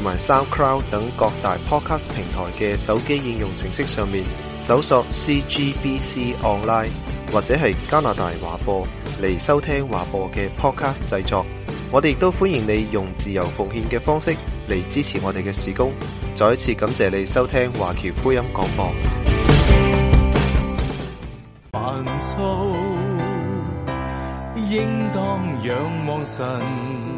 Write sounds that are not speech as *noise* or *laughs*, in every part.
同埋 SoundCloud 等各大 podcast 平台嘅手機應用程式上面搜索 CGBC Online 或者係加拿大華播嚟收聽華播嘅 podcast 製作，我哋亦都歡迎你用自由奉獻嘅方式嚟支持我哋嘅事工。再一次感謝你收聽華僑福音廣播。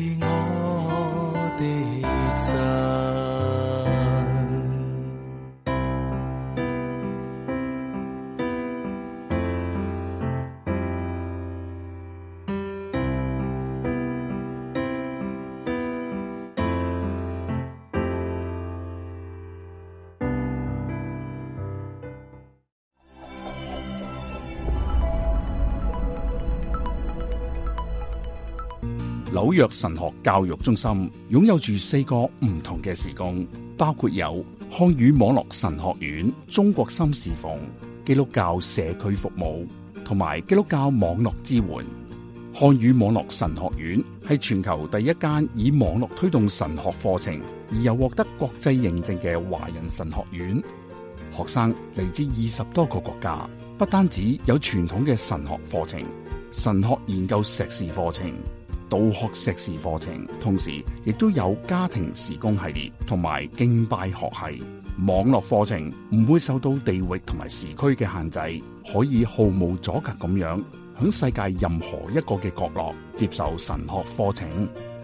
紐約神學教育中心擁有住四個唔同嘅事工，包括有漢語網絡神學院、中國心事房、基督教社區服務同埋基督教網絡支援。漢語網絡神學院係全球第一間以網絡推動神學課程而又獲得國際認證嘅華人神學院。學生嚟自二十多個國家，不單止有傳統嘅神學課程、神學研究碩士課程。道學碩士課程，同時亦都有家庭時工系列同埋敬拜學系網絡課程，唔會受到地域同埋時區嘅限制，可以毫無阻隔咁樣喺世界任何一個嘅角落接受神學課程。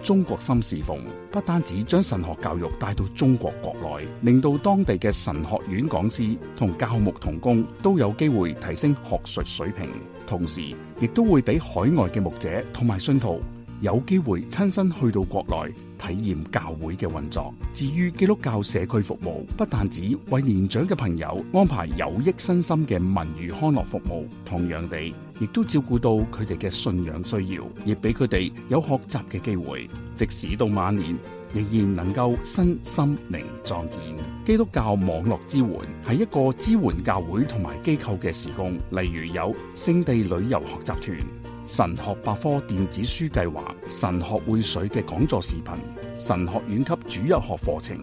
中國心侍奉不單止將神學教育帶到中國國內，令到當地嘅神學院講師同教牧同工都有機會提升學術水平，同時亦都會俾海外嘅牧者同埋信徒。有機會親身去到國內體驗教會嘅運作。至於基督教社區服務，不但止為年長嘅朋友安排有益身心嘅文娛康樂服務，同樣地，亦都照顧到佢哋嘅信仰需要，亦俾佢哋有學習嘅機會。即使到晚年，仍然能夠身心靈壯健。基督教網絡支援係一個支援教會同埋機構嘅事工，例如有聖地旅遊學習團。神學百科電子書計劃、神學會水嘅講座視頻、神學院級主日學課程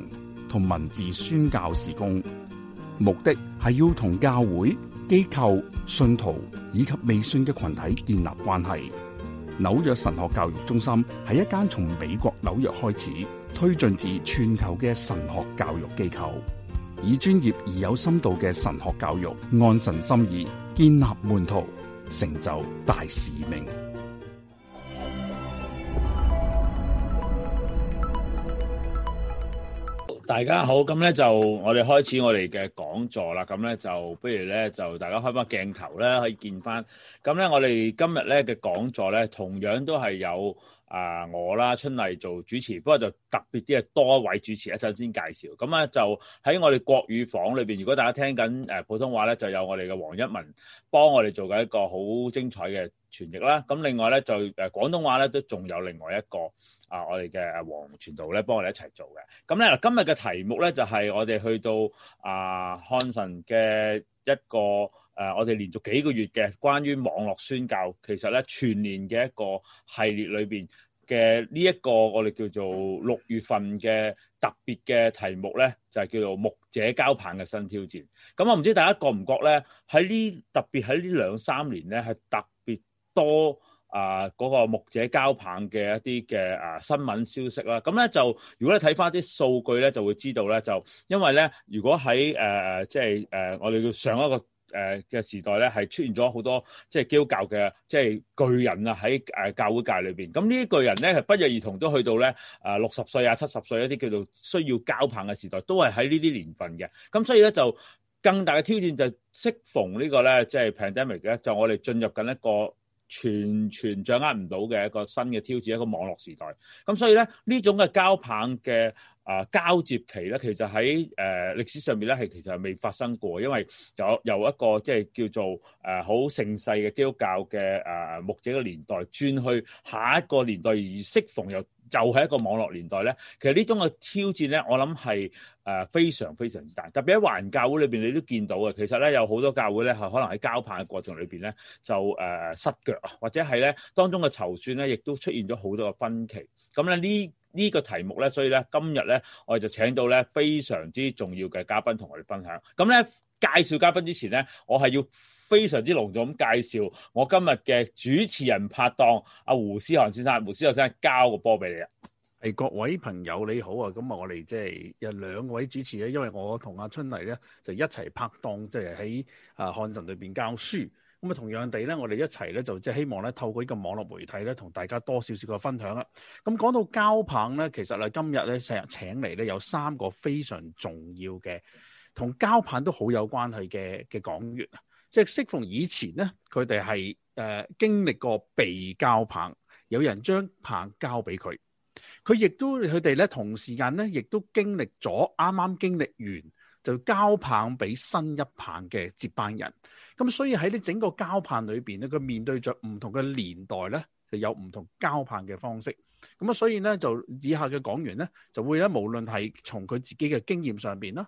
同文字宣教事工，目的係要同教會、機構、信徒以及未信嘅群體建立關係。紐約神學教育中心係一間從美國紐約開始推進至全球嘅神學教育機構，以專業而有深度嘅神學教育，按神心意建立門徒。成就大使命。大家好，咁咧就我哋開始我哋嘅講座啦。咁咧就不如咧就大家開翻鏡頭咧，可以見翻。咁咧我哋今日咧嘅講座咧，同樣都係有。啊，我啦春麗做主持，不過就特別啲係多位主持一陣先介紹。咁咧就喺我哋國語房裏邊，如果大家聽緊誒、啊、普通話咧，就有我哋嘅黃一文幫我哋做緊一個好精彩嘅傳譯啦。咁另外咧就誒、啊、廣東話咧都仲有另外一個啊，我哋嘅黃傳道咧幫我哋一齊做嘅。咁咧嗱，今日嘅題目咧就係、是、我哋去到啊漢神嘅一個。誒，我哋連續幾個月嘅關於網絡宣教，其實咧全年嘅一個系列裏邊嘅呢一個我哋叫做六月份嘅特別嘅題目咧，就係叫做牧者交棒嘅新挑戰。咁我唔知大家覺唔覺咧，喺呢特別喺呢兩三年咧，係特別多啊嗰個牧者交棒嘅一啲嘅啊新聞消息啦。咁咧就如果你睇翻啲數據咧，就會知道咧，就因為咧，如果喺誒誒即係誒我哋叫上一個。誒嘅時代咧，係出現咗好多即係基督教嘅即係巨人啊！喺誒教會界裏邊，咁呢啲巨人咧，係不約而同都去到咧啊六十歲啊七十歲一啲叫做需要交棒嘅時代，都係喺呢啲年份嘅。咁所以咧，就更大嘅挑戰就適逢呢個咧，即係 pandemic 咧，就我哋進入緊一個全全掌握唔到嘅一個新嘅挑戰，一個網絡時代。咁所以咧，呢種嘅交棒嘅。啊，交接期咧，其實喺誒、呃、歷史上面咧，係其實係未發生過，因為有由一個即係、就是、叫做誒好、呃、盛世嘅基督教嘅誒、呃、牧者嘅年代轉去下一個年代，而適逢又就係、是、一個網絡年代咧、呃，其實呢種嘅挑戰咧，我諗係誒非常非常之大，特別喺環教會裏邊，你都見到嘅。其實咧有好多教會咧係可能喺交棒嘅過程裏邊咧，就誒、呃、失腳啊，或者係咧當中嘅籌算咧，亦都出現咗好多嘅分歧。咁咧呢？呢個題目咧，所以咧今日咧，我哋就請到咧非常之重要嘅嘉賓同我哋分享。咁咧介紹嘉賓之前咧，我係要非常之隆重咁介紹我今日嘅主持人拍檔阿胡思漢先生。胡思漢先生交個波俾你啊！係各位朋友你好啊，咁啊我哋即係有兩位主持咧，因為我同阿春麗咧就一齊拍檔，即係喺啊漢神裏邊教書。咁啊，同樣地咧，我哋一齊咧，就即係希望咧，透過呢個網絡媒體咧，同大家多少少個分享啦。咁講到交棒咧，其實呢，今日咧成日請嚟咧有三個非常重要嘅，同交棒都好有關係嘅嘅講員啊。即係適逢以前咧，佢哋係誒經歷過被交棒，有人將棒交俾佢，佢亦都佢哋咧同時間咧，亦都經歷咗啱啱經歷完。就交棒俾新一棒嘅接班人，咁所以喺呢整個交棒裏面，咧，佢面對着唔同嘅年代咧，就有唔同交棒嘅方式。咁啊，所以咧就以下嘅講員咧，就會咧無論係從佢自己嘅經驗上面啦、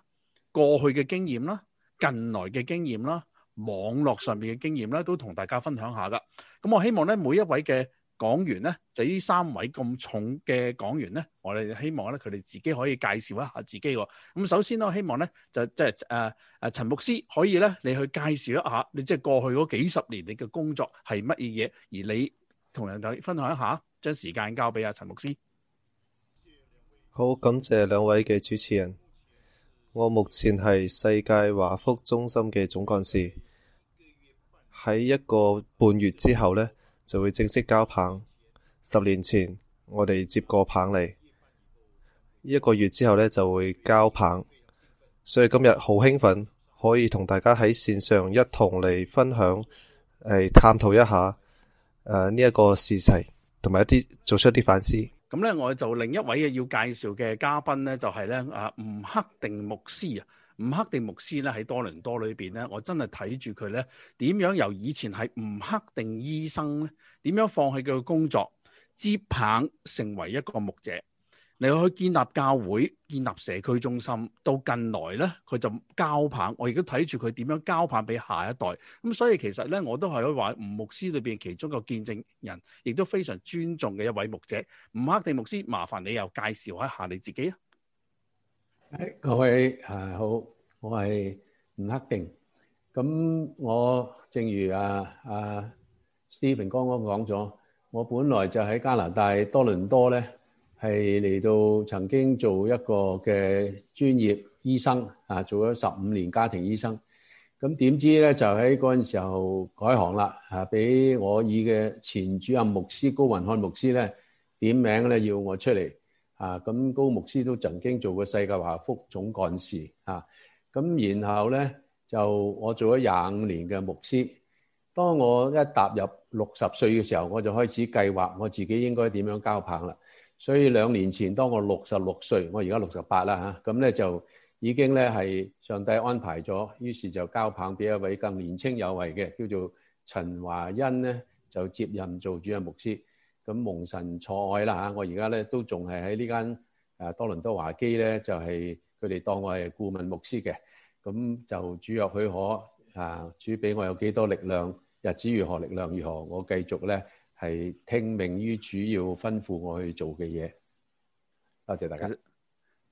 過去嘅經驗啦、近來嘅經驗啦、網絡上面嘅經驗啦，都同大家分享下噶。咁我希望咧，每一位嘅講完咧，就呢三位咁重嘅講員咧，我哋希望咧，佢哋自己可以介紹一下自己。咁首先咧，我希望咧就即係誒誒陳牧師可以咧，你去介紹一下你即係過去嗰幾十年你嘅工作係乜嘢嘢，而你同人哋分享一下，將時間交俾阿陳牧師。好，感謝兩位嘅主持人。我目前係世界華福中心嘅總幹事。喺一個半月之後咧。就會正式交棒。十年前我哋接過棒嚟，一個月之後呢就會交棒，所以今日好興奮，可以同大家喺線上一同嚟分享，誒，探討一下誒呢一個事情，同埋一啲做出一啲反思。咁呢，我就另一位要介紹嘅嘉賓呢，就係呢啊吳克定牧師啊。吳克定牧師咧喺多倫多裏邊咧，我真係睇住佢咧，點樣由以前係吳克定醫生咧，點樣放棄佢嘅工作，接棒成為一個牧者，你去建立教會、建立社區中心。到近來咧，佢就交棒，我亦都睇住佢點樣交棒俾下一代。咁所以其實咧，我都係可以話吳牧師裏邊其中一個見證人，亦都非常尊重嘅一位牧者。吳克定牧師，麻煩你又介紹一下你自己啊！誒，各位誒，好，我係吳克定。咁我正如啊啊 Stephen 剛剛講咗，我本來就喺加拿大多倫多咧，係嚟到曾經做一個嘅專業醫生啊，做咗十五年家庭醫生。咁點知咧就喺嗰陣時候改行啦，吓俾我以嘅前主任牧師高雲漢牧師咧點名咧，要我出嚟。啊，咁高牧師都曾經做過世界華福總幹事，啊，咁然後咧就我做咗廿五年嘅牧師，當我一踏入六十歲嘅時候，我就開始計劃我自己應該點樣交棒啦。所以兩年前，當我六十六歲，我而家六十八啦嚇，咁咧就已經咧係上帝安排咗，於是就交棒俾一位更年輕有為嘅，叫做陳華恩咧，就接任做主任牧師。咁蒙神錯愛啦，吓，我而家咧都仲係喺呢間誒多倫多華基咧，就係佢哋當我係顧問牧師嘅，咁就主若許可啊，主俾我有幾多力量，日子如何，力量如何，我繼續咧係聽命於主要吩咐我去做嘅嘢。多謝大家。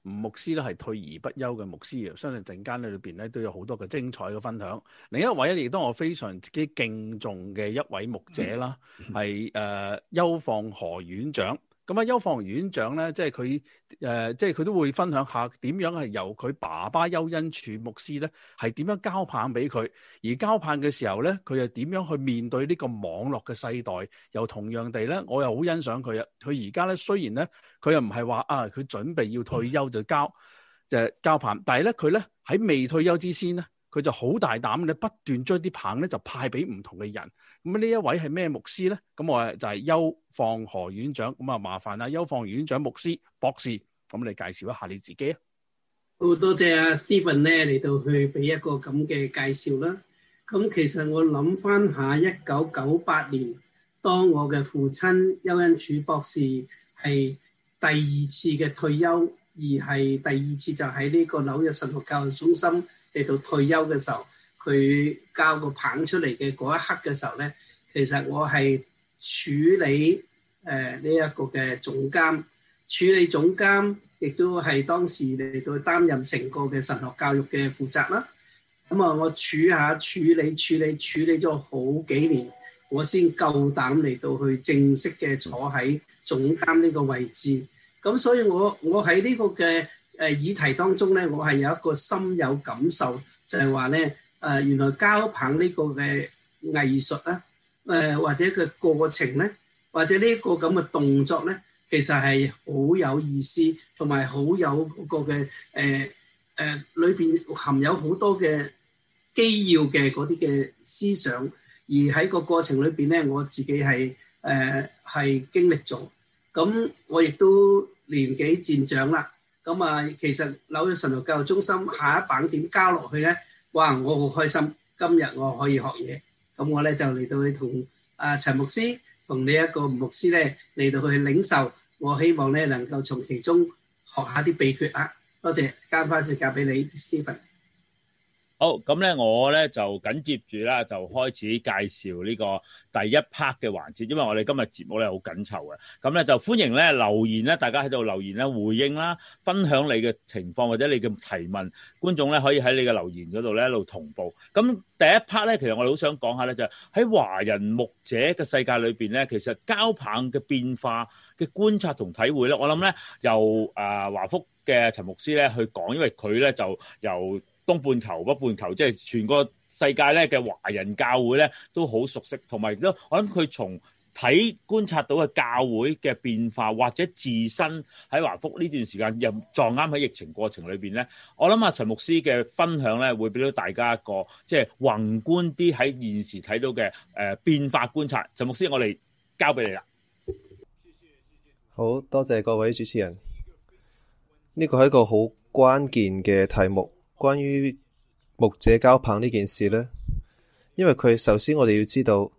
牧師咧係退而不休嘅牧師啊，相信陣間咧裏邊咧都有好多嘅精彩嘅分享。另一位咧亦都係我非常之敬重嘅一位牧者啦，係誒邱放河院長。咁啊，邱防院長咧，即係佢、呃、即係佢都會分享下點樣係由佢爸爸邱恩處牧師咧，係點樣交棒俾佢，而交棒嘅時候咧，佢又點樣去面對呢個網絡嘅世代？又同樣地咧，我又好欣賞佢啊！佢而家咧，雖然咧，佢又唔係話啊，佢準備要退休就交就、嗯、交棒，但係咧，佢咧喺未退休之先咧。佢就好大膽咧，不斷將啲棒咧就派俾唔同嘅人。咁呢一位係咩牧師咧？咁我就係邱放河院長。咁啊，麻煩啊，邱放院長牧師博士，咁你介紹一下你自己啊。好多謝啊，Stephen 咧嚟到去俾一個咁嘅介紹啦。咁其實我諗翻下一九九八年，當我嘅父親邱恩柱博士係第二次嘅退休。而係第二次就喺呢個紐約神學教育中心嚟到退休嘅時候，佢交個棒出嚟嘅嗰一刻嘅時候咧，其實我係處理誒呢一個嘅總監，處理總監亦都係當時嚟到擔任成個嘅神學教育嘅負責啦。咁、嗯、啊，我處下處理、處理、處理咗好幾年，我先夠膽嚟到去正式嘅坐喺總監呢個位置。咁所以，我我喺呢個嘅誒議題當中咧，我係有一個深有感受，就係話咧，誒、呃、原來交棒呢個嘅藝術啊，誒或者嘅過程咧，或者呢個過程呢，或者呢個咁嘅動作咧，其實係好有意思，同埋好有個嘅誒誒裏邊含有好多嘅機要嘅嗰啲嘅思想，而喺個過程裏邊咧，我自己係誒係經歷咗，咁我亦都。年紀漸長啦，咁啊，其實紐約神學教育中心下一棒點交落去咧？哇！我好開心，今日我可以學嘢，咁我咧就嚟到去同啊陳牧師同呢一個牧師咧嚟到去領受，我希望咧能夠從其中學下啲秘訣啊！多謝，交翻啲時間俾你，Stephen。Steven 好，咁咧我咧就緊接住啦，就開始介紹呢個第一 part 嘅環節，因為我哋今日節目咧好緊湊嘅，咁咧就歡迎咧留言咧，大家喺度留言咧回應啦，分享你嘅情況或者你嘅提問，觀眾咧可以喺你嘅留言嗰度咧一路同步。咁第一 part 咧，其實我哋好想講下咧，就喺華人牧者嘅世界裏邊咧，其實交棒嘅變化嘅觀察同體會咧，我諗咧由誒華福嘅陳牧師咧去講，因為佢咧就由。東半球、北半球，即係全個世界咧嘅華人教會咧，都好熟悉。同埋我諗佢從睇觀察到嘅教會嘅變化，或者自身喺華福呢段時間又撞啱喺疫情過程裏邊咧，我諗阿陳牧師嘅分享咧，會俾到大家一個即係宏觀啲喺現時睇到嘅誒變化觀察。陳牧師，我哋交俾你啦。好多謝各位主持人。呢個係一個好關鍵嘅題目。關於牧者交棒呢件事呢，因為佢首先我哋要知道，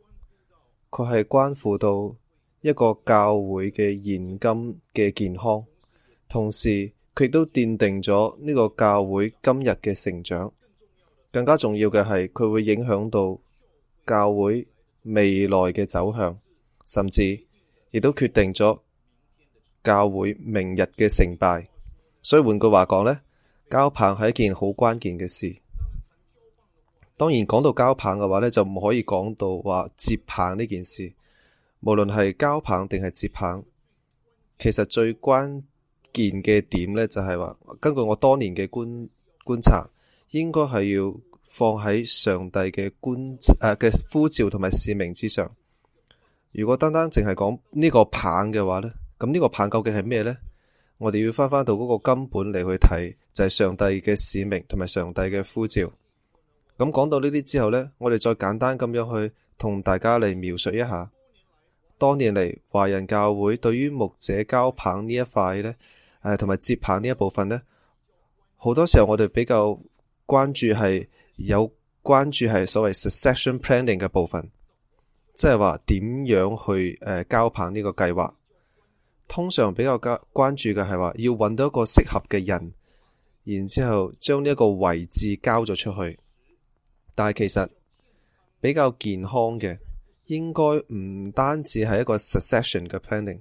佢係關乎到一個教會嘅現今嘅健康，同時佢亦都奠定咗呢個教會今日嘅成長。更加重要嘅係，佢會影響到教會未來嘅走向，甚至亦都決定咗教會明日嘅成敗。所以換句話講呢。交棒係一件好關鍵嘅事，當然講到交棒嘅話咧，就唔可以講到話接棒呢件事。無論係交棒定係接棒，其實最關鍵嘅點咧就係話，根據我多年嘅觀觀察，應該係要放喺上帝嘅觀誒嘅、啊、呼召同埋使命之上。如果單單淨係講呢個棒嘅話咧，咁呢個棒究竟係咩咧？我哋要翻翻到嗰個根本嚟，去睇，就係上帝嘅使命同埋上帝嘅呼召。咁講到呢啲之後呢，我哋再簡單咁樣去同大家嚟描述一下，當年嚟華人教會對於牧者交棒呢一塊呢，誒、呃，同埋接棒呢一部分呢，好多時候我哋比較關注係有關注係所謂 succession planning 嘅部分，即係話點樣去誒交、呃、棒呢個計劃。通常比較關關注嘅係話，要揾到一個適合嘅人，然之後將呢一個位置交咗出去。但係其實比較健康嘅，應該唔單止係一個 succession 嘅 planning，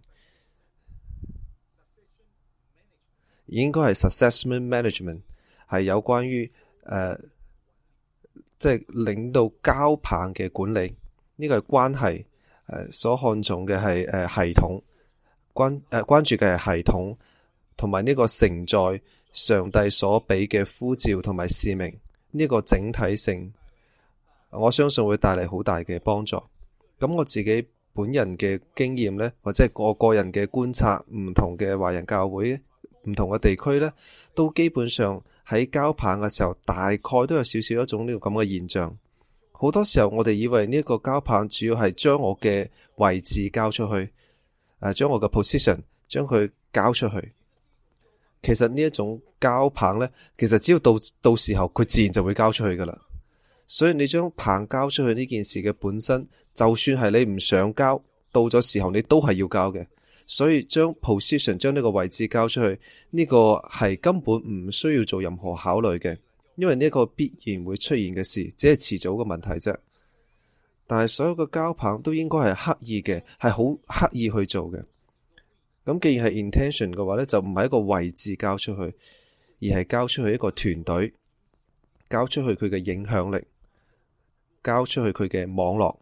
應該係 succession management 係有關於誒，即、呃、係、就是、領導交棒嘅管理。呢、這個係關係誒、呃、所看重嘅係誒系統。關誒，關注嘅系統，同埋呢個承載上帝所俾嘅呼召同埋使命呢個整體性，我相信會帶嚟好大嘅幫助。咁我自己本人嘅經驗呢，或者我個人嘅觀察，唔同嘅華人教會，唔同嘅地區呢，都基本上喺交棒嘅時候，大概都有少少一種呢個咁嘅現象。好多時候我哋以為呢個交棒主要係將我嘅位置交出去。誒、啊，將我嘅 position 將佢交出去，其實呢一種交棒呢，其實只要到到時候佢自然就會交出去噶啦。所以你將棒交出去呢件事嘅本身，就算係你唔想交，到咗時候你都係要交嘅。所以將 position 將呢個位置交出去，呢、這個係根本唔需要做任何考慮嘅，因為呢個必然會出現嘅事，只係遲早嘅問題啫。但係所有嘅交棒都應該係刻意嘅，係好刻意去做嘅。咁既然係 intention 嘅話咧，就唔係一個位置交出去，而係交出去一個團隊，交出去佢嘅影響力，交出去佢嘅網絡。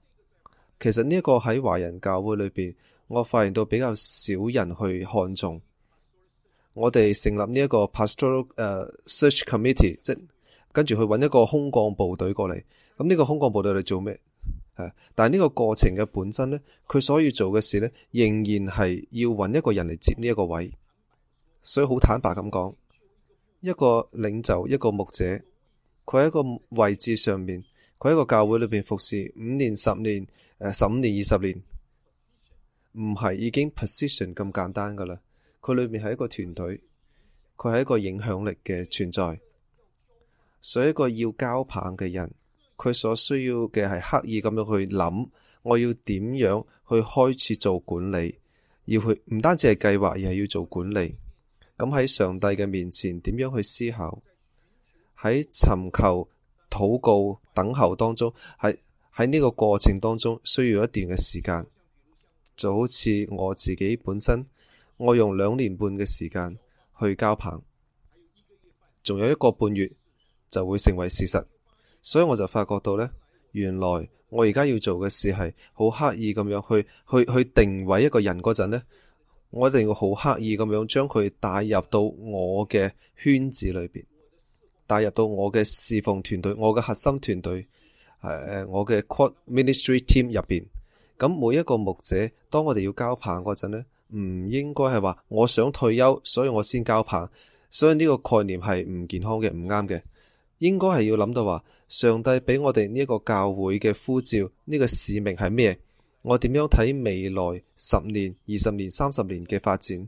其實呢一個喺華人教會裏邊，我發現到比較少人去看重。我哋成立呢一個 pastoral search committee，即跟住去搵一個空降部隊過嚟。咁呢個空降部隊嚟做咩？但係呢個過程嘅本身咧，佢所要做嘅事呢，仍然係要揾一個人嚟接呢一個位。所以好坦白咁講，一個領袖，一個牧者，佢喺一個位置上面，佢喺個教會裏邊服侍五年、十年、誒十五年、二十年，唔係已經 position 咁簡單噶啦。佢裏面係一個團隊，佢係一個影響力嘅存在，所以一個要交棒嘅人。佢所需要嘅係刻意咁樣去諗，我要點樣去開始做管理？要去唔單止係計劃，而係要做管理。咁喺上帝嘅面前，點樣去思考？喺尋求、禱告、等候當中，喺喺呢個過程當中，需要一段嘅時間。就好似我自己本身，我用兩年半嘅時間去交棒，仲有一個半月就會成為事實。所以我就發覺到咧，原來我而家要做嘅事係好刻意咁樣去去去定位一個人嗰陣咧，我一定要好刻意咁樣將佢帶入到我嘅圈子裏邊，帶入到我嘅侍奉團隊、我嘅核心團隊，誒、呃、誒，我嘅 ministry team 入邊。咁每一個牧者，當我哋要交棒嗰陣咧，唔應該係話我想退休，所以我先交棒，所以呢個概念係唔健康嘅，唔啱嘅。應該係要諗到話，上帝俾我哋呢個教會嘅呼召，呢、這個使命係咩？我點樣睇未來十年、二十年、三十年嘅發展？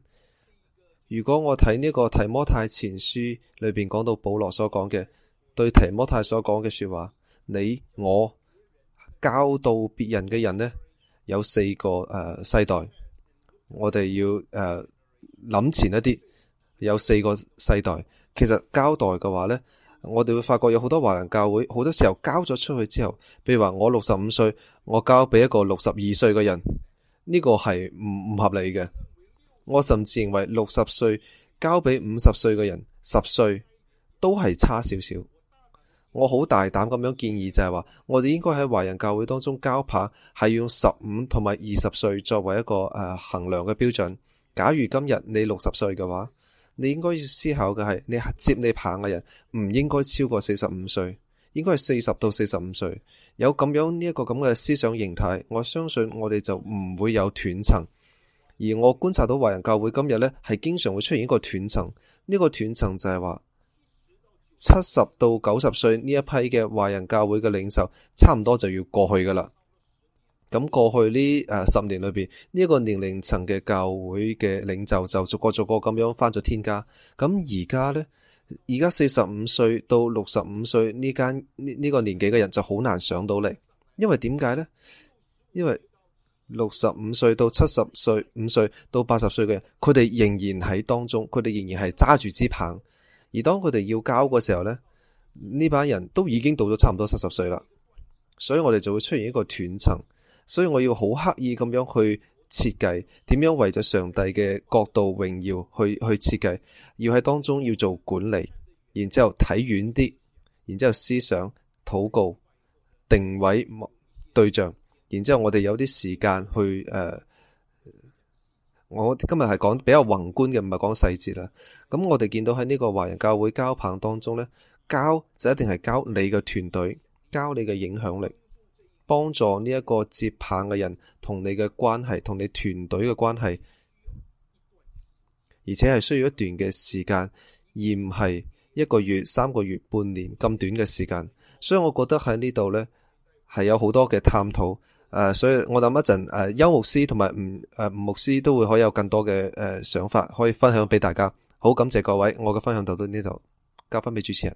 如果我睇呢個提摩太前書裏邊講到保羅所講嘅對提摩太所講嘅說話，你我教導別人嘅人呢，有四個誒、呃、世代，我哋要誒諗、呃、前一啲，有四個世代。其實交代嘅話呢。我哋會發覺有好多華人教會，好多時候交咗出去之後，譬如話我六十五歲，我交俾一個六十二歲嘅人，呢、這個係唔唔合理嘅。我甚至認為六十歲交俾五十歲嘅人，十歲都係差少少。我好大膽咁樣建議就，就係話我哋應該喺華人教會當中交棒，係用十五同埋二十歲作為一個誒、呃、衡量嘅標準。假如今日你六十歲嘅話。你應該要思考嘅係，你接你棒嘅人唔應該超過四十五歲，應該係四十到四十五歲。有咁樣呢一個咁嘅思想形態，我相信我哋就唔會有斷層。而我觀察到華人教會今日呢係經常會出現一個斷層。呢個斷層就係話七十到九十歲呢一批嘅華人教會嘅領袖，差唔多就要過去噶啦。咁過去呢誒十年裏邊呢，呢個年齡層嘅教會嘅領袖就逐個逐個咁樣返咗天家。咁而家呢，而家四十五歲到六十五歲呢間呢，呢個年紀嘅人就好難上到嚟，因為點解呢？因為六十五歲到七十歲，五歲到八十歲嘅人，佢哋仍然喺當中，佢哋仍然係揸住支棒。而當佢哋要交嘅時候呢，呢班人都已經到咗差唔多七十歲啦，所以我哋就會出現一個斷層。所以我要好刻意咁樣去設計，點樣為咗上帝嘅角度榮耀去去設計，要喺當中要做管理，然之後睇遠啲，然之後思想、禱告、定位、對象，然之後我哋有啲時間去誒、呃，我今日係講比較宏觀嘅，唔係講細節啦。咁我哋見到喺呢個華人教會交棒當中咧，交就一定係交你嘅團隊，交你嘅影響力。幫助呢一個接棒嘅人同你嘅關係，同你團隊嘅關係，而且係需要一段嘅時間，而唔係一個月、三個月、半年咁短嘅時間。所以我覺得喺呢度呢，係有好多嘅探討。誒、呃，所以我諗一陣，誒、呃，邱牧師同埋吳誒牧師都會可有更多嘅誒、呃、想法，可以分享俾大家。好，感謝各位，我嘅分享就到到呢度，交翻俾主持人。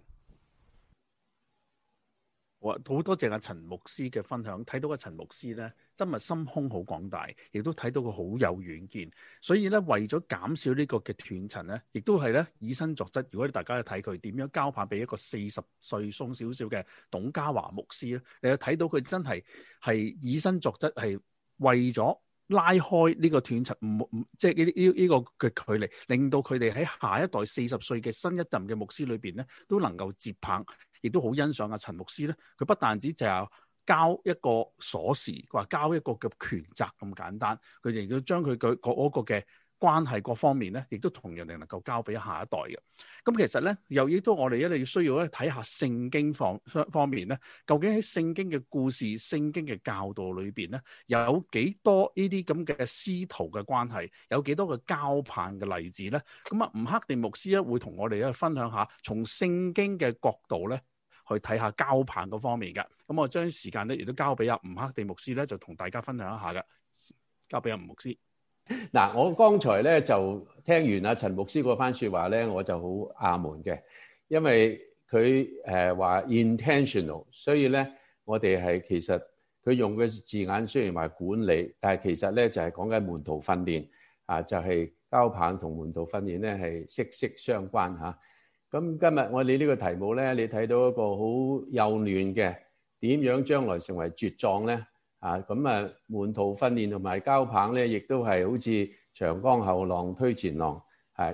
好多謝阿陳牧師嘅分享，睇到阿陳牧師咧，真係心胸好廣大，亦都睇到佢好有遠見。所以咧，為咗減少呢個嘅斷層咧，亦都係咧以身作則。如果大家去睇佢點樣交棒俾一個四十歲鬆少少嘅董家華牧師咧，你就睇到佢真係係以身作則，係為咗，拉開呢個斷層，唔唔即係呢呢呢個嘅距離，令到佢哋喺下一代四十歲嘅新一任嘅牧師裏邊咧，都能夠接棒，亦都好欣賞啊陳牧師咧。佢不但止就係交一個鎖匙，話交一個嘅權責咁簡單，佢哋要將佢個嗰個嘅。關係各方面咧，亦都同樣地能夠交俾下一代嘅。咁其實咧，由於都我哋一定要需要咧，睇下聖經方方面咧，究竟喺聖經嘅故事、聖經嘅教導裏邊咧，又有幾多呢啲咁嘅師徒嘅關係，有幾多嘅交棒嘅例子咧？咁啊，吳克地牧師咧會同我哋咧分享下，從聖經嘅角度咧去睇下交棒嘅方面嘅。咁我將時間咧亦都交俾阿吳克地牧師咧，就同大家分享一下嘅。交俾阿吳牧師。嗱、啊，我剛才咧就聽完阿陳牧師嗰番說話咧，我就好阿門嘅，因為佢誒話 intentional，所以咧我哋係其實佢用嘅字眼雖然話管理，但係其實咧就係講緊門徒訓練啊，就係交棒同門徒訓練咧係息息相關吓。咁今日我哋呢個題目咧，你睇到一個好幼嫩嘅，點樣將來成為茁壯咧？啊，咁啊，門徒訓練同埋交棒咧，亦都係好似長江後浪推前浪，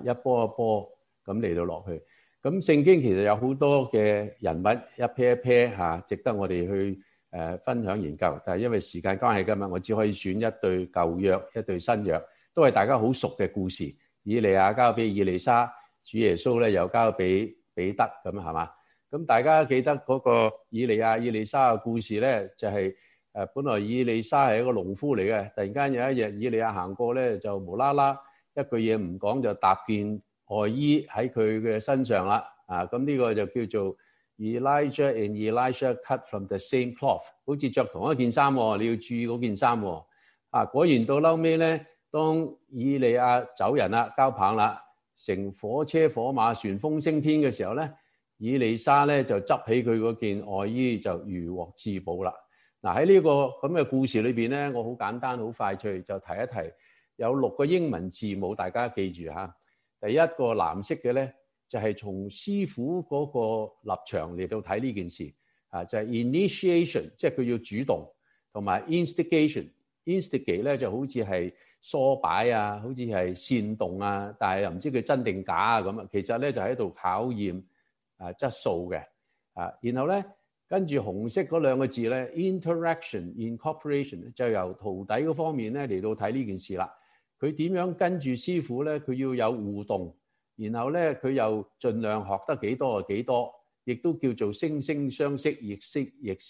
一波一波咁嚟到落去。咁聖經其實有好多嘅人物，一撇一撇、啊，值得我哋去、啊、分享研究。但係因為時間關係，今日我只可以選一對舊約、一對新約，都係大家好熟嘅故事。以利亞交俾以利沙，主耶穌咧又交俾彼得咁，係嘛？咁大家記得嗰個以利亞、以利沙嘅故事咧，就係、是。誒，本來以利沙係一個農夫嚟嘅，突然間有一日，以利亞行過咧，就無啦啦一句嘢唔講，就搭件外衣喺佢嘅身上啦。啊，咁呢個就叫做 Elijah and Elisha cut from the same cloth，好似着同一件衫。你要注意嗰件衫喎。啊，果然到後尾咧，當以利亞走人啦，交棒啦，乘火車火馬、旋風升天嘅時候咧，以利沙咧就執起佢嗰件外衣就如獲至寶啦。嗱，喺呢個咁嘅故事裏邊咧，我好簡單好快脆就提一提，有六個英文字母，大家記住嚇。第一個藍色嘅咧，就係、是、從師傅嗰個立場嚟到睇呢件事啊，就係、是、initiation，即係佢要主動，同埋 instigation，instigate 咧就好似係唆擺啊，好似係煽動啊，但係又唔知佢真定假啊咁啊。其實咧就喺度考驗啊質素嘅啊，然後咧。跟住紅色嗰兩個字咧，interaction、incorporation Inter in 就由徒弟嗰方面咧嚟到睇呢件事啦。佢點樣跟住師傅咧？佢要有互動，然後咧佢又盡量學得幾多就幾多，亦都叫做惺惺相惜，亦師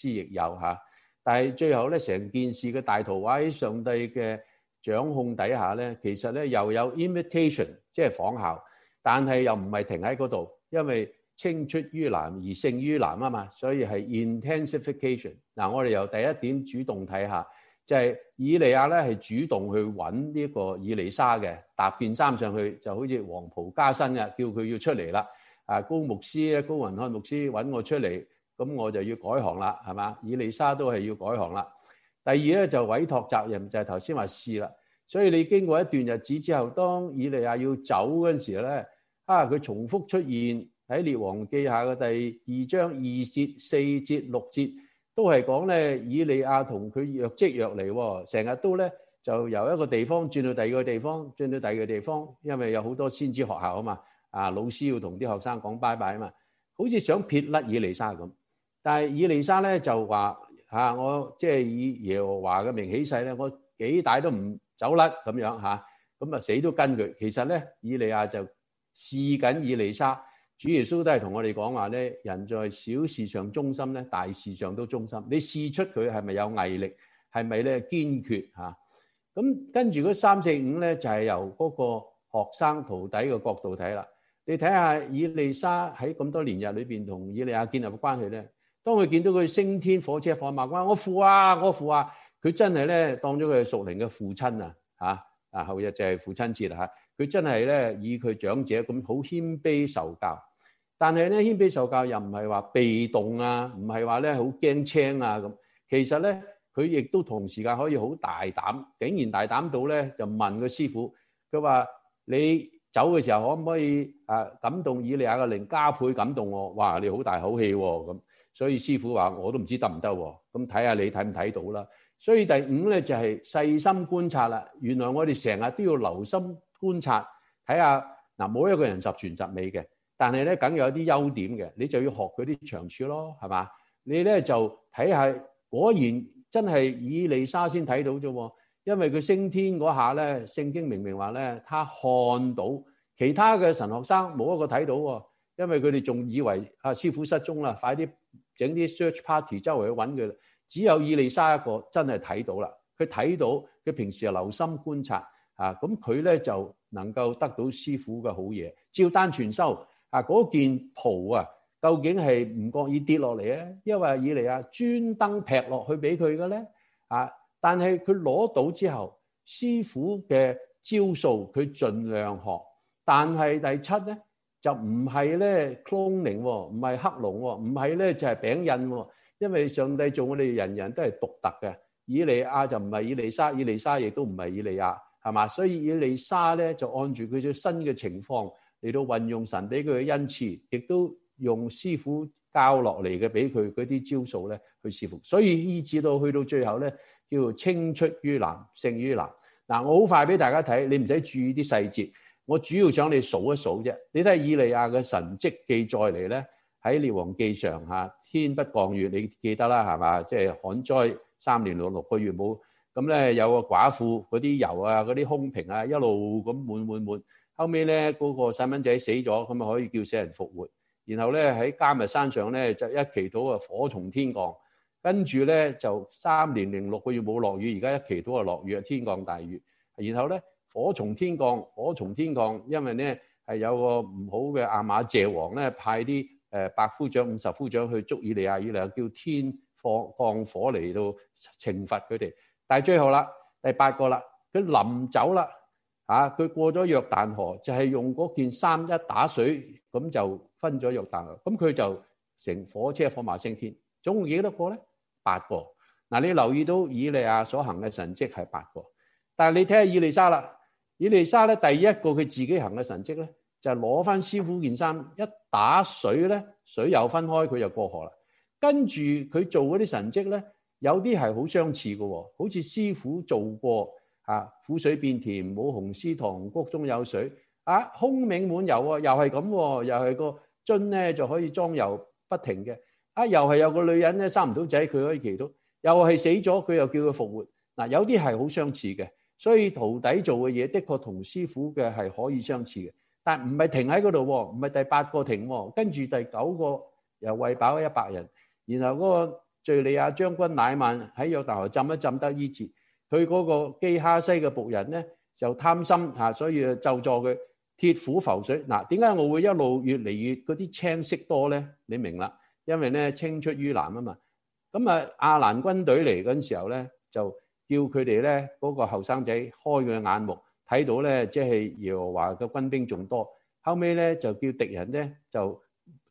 亦友嚇。但係最後咧，成件事嘅大圖畫喺上帝嘅掌控底下咧，其實咧又有 imitation，即係仿效，但係又唔係停喺嗰度，因為，青出於藍而勝於藍啊嘛，所以係 intensification。嗱，我哋由第一點主動睇下，就係以利亞咧係主動去揾呢一個以利沙嘅，搭件衫上去就好似黃袍加身嘅，叫佢要出嚟啦。啊，高牧師咧，高雲漢牧師揾我出嚟，咁我就要改行啦，係嘛？以利沙都係要改行啦。第二咧就是委託責任，就係頭先話試啦。所以你經過一段日子之後，當以利亞要走嗰陣時咧，啊，佢重複出現。喺《列王記》下嘅第二章二節、四節、六節都係講咧，以利亞同佢若即若離、哦，成日都咧就由一個地方轉到第二個地方，轉到第二個地方，因為有好多先知學校啊嘛，啊老師要同啲學生講拜拜啊嘛，好似想撇甩以利沙咁。但係以利沙咧就話嚇、啊、我即係、就是、以耶和華嘅名起誓咧，我幾大都唔走甩咁樣嚇，咁啊，啊死都跟佢。其實咧，以利亞就試緊以利沙。主耶穌都係同我哋講話咧，人在小事上忠心咧，大事上都忠心。你試出佢係咪有毅力，係咪咧堅決吓？咁、啊、跟住嗰三四五咧，就係、是、由嗰個學生徒弟嘅角度睇啦。你睇下以利沙喺咁多年日裏邊同以利亞建立嘅關係咧，當佢見到佢升天火車火馬，佢話我父啊，我父啊，佢真係咧當咗佢係屬靈嘅父親啊吓。啊後日就係父親節啦吓。啊佢真係咧以佢長者咁好謙卑受教，但係咧謙卑受教又唔係話被動啊，唔係話咧好驚青啊咁。其實咧佢亦都同時間可以好大膽，竟然大膽到咧就問個師傅：佢話你走嘅時候可唔可以啊感動以利亞嘅靈加倍感動我？哇！你好大口氣喎、啊、咁，所以師傅話我都唔知得唔得喎，咁睇下你睇唔睇到啦、啊。所以第五咧就係、是、細心觀察啦。原來我哋成日都要留心。觀察睇下，嗱冇一個人十全十美嘅，但係咧梗有一啲優點嘅，你就要學佢啲長處咯，係嘛？你咧就睇下，果然真係以利沙先睇到啫，因為佢升天嗰下咧，聖經明明話咧，他看到，其他嘅神學生冇一個睇到，因為佢哋仲以為阿師傅失蹤啦，快啲整啲 search party 周圍去揾佢啦。只有以利沙一個真係睇到啦，佢睇到，佢平時又留心觀察。啊，咁佢咧就能夠得到師傅嘅好嘢，照單全收啊！嗰件袍啊，究竟係唔覺意跌落嚟咧？因為以利亞專登劈落去俾佢嘅咧啊！但係佢攞到之後，師傅嘅招數佢盡量學，但係第七咧就唔係咧 cloning，唔係克隆，唔係咧就係餅印，因為上帝做我哋人人都係獨特嘅。以利亞就唔係以利沙，以利沙亦都唔係以利亞。係嘛？所以以利沙咧就按住佢最新嘅情況嚟到運用神俾佢嘅恩賜，亦都用師傅教落嚟嘅俾佢嗰啲招數咧去制服。所以以至到去到最後咧，叫青出於藍，勝於藍。嗱，我好快俾大家睇，你唔使注意啲細節，我主要想你數一數啫。你睇以利亞嘅神跡記載嚟咧，喺《列王記》上嚇，天不降雨，你記得啦係嘛？即係旱災三年六六個月冇。咁咧有個寡婦嗰啲油啊，嗰啲空瓶啊，一路咁滿滿滿。後尾咧嗰個細蚊仔死咗，咁啊可以叫死人復活。然後咧喺迦密山上咧就一祈禱啊，火從天降。跟住咧就三年零六個月冇落雨，而家一祈禱啊落雨啊，天降大雨。然後咧火從天降，火從天降，因為咧係有個唔好嘅阿馬謝王咧派啲誒百夫長五十夫長去捉以利亞，以利亞叫天放降火嚟到懲罰佢哋。但係最後啦，第八個啦，佢臨走啦，吓，佢過咗約旦河，就係用嗰件衫一打水，咁就分咗約旦河。咁佢就乘火車火馬升天。總共幾多個咧？八個。嗱，你留意到以利亞所行嘅神蹟係八個，但係你睇下以利沙啦。以利沙咧，第一個佢自己行嘅神蹟咧，就攞翻師傅件衫一打水咧，水又分開，佢就過河啦。跟住佢做嗰啲神蹟咧。有啲係好相似嘅、哦，好似師傅做過，吓、啊、苦水變甜，冇紅絲糖，谷中有水，啊空明滿油啊，又係咁、哦，又係個樽咧就可以裝油不停嘅，啊又係有個女人咧生唔到仔，佢可以祈禱，又係死咗佢又叫佢復活，嗱、啊、有啲係好相似嘅，所以徒弟做嘅嘢的確同師傅嘅係可以相似嘅，但唔係停喺嗰度，唔係第八個停、哦，跟住第九個又喂飽一百人，然後嗰、那個。敘利亞將軍乃曼喺約但河浸一浸得醫治，佢嗰個基哈西嘅僕人呢就貪心，嚇，所以就助佢鐵斧浮水。嗱，點解我會一路越嚟越嗰啲青色多咧？你明啦，因為咧青出於藍啊嘛。咁啊，亞蘭軍隊嚟嗰陣時候咧，就叫佢哋咧嗰個後生仔開佢眼目，睇到咧即係耶和華嘅軍兵仲多。後尾咧就叫敵人咧就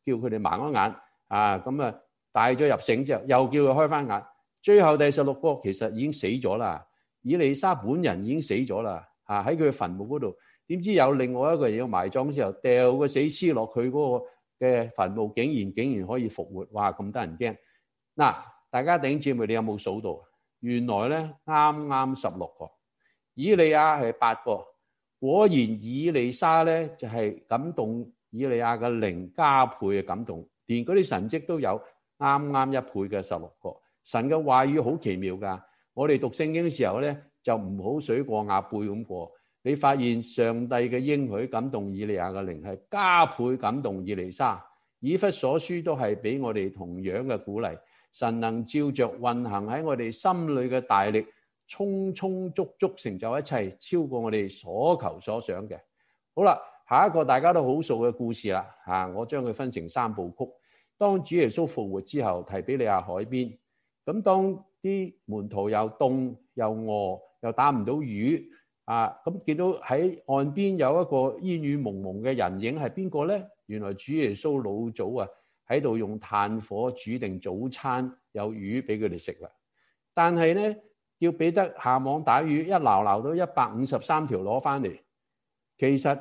叫佢哋盲一眼啊，咁啊～大咗入聖之後，又叫佢開翻眼。最後第十六個其實已經死咗啦。以利沙本人已經死咗啦，吓，喺佢嘅墳墓嗰度。點知有另外一個要埋葬之後，掉個死屍落佢嗰個嘅墳墓，竟然竟然可以復活，哇！咁得人驚。嗱，大家頂住未？你有冇數到？原來咧啱啱十六個，以利亞係八個，果然以利沙咧就係感動以利亞嘅靈加倍嘅感動，連嗰啲神蹟都有。啱啱一倍嘅十六個，神嘅話語好奇妙㗎。我哋讀聖經嘅時候咧，就唔好水過鴨背咁過。你發現上帝嘅應許感動以利亞嘅靈，係加倍感動以利沙。以弗所書都係俾我哋同樣嘅鼓勵。神能照着運行喺我哋心裏嘅大力，充充足足成就一切，超過我哋所求所想嘅。好啦，下一個大家都好熟嘅故事啦，吓我將佢分成三部曲。當主耶穌復活之後，提比利亞海邊咁，那當啲門徒又凍又餓又打唔到魚啊，咁見到喺岸邊有一個煙雨濛濛嘅人影，係邊個咧？原來主耶穌老早啊喺度用炭火煮定早餐，有魚俾佢哋食啦。但係咧，叫彼得下網打魚，一撈撈到一百五十三條攞翻嚟。其實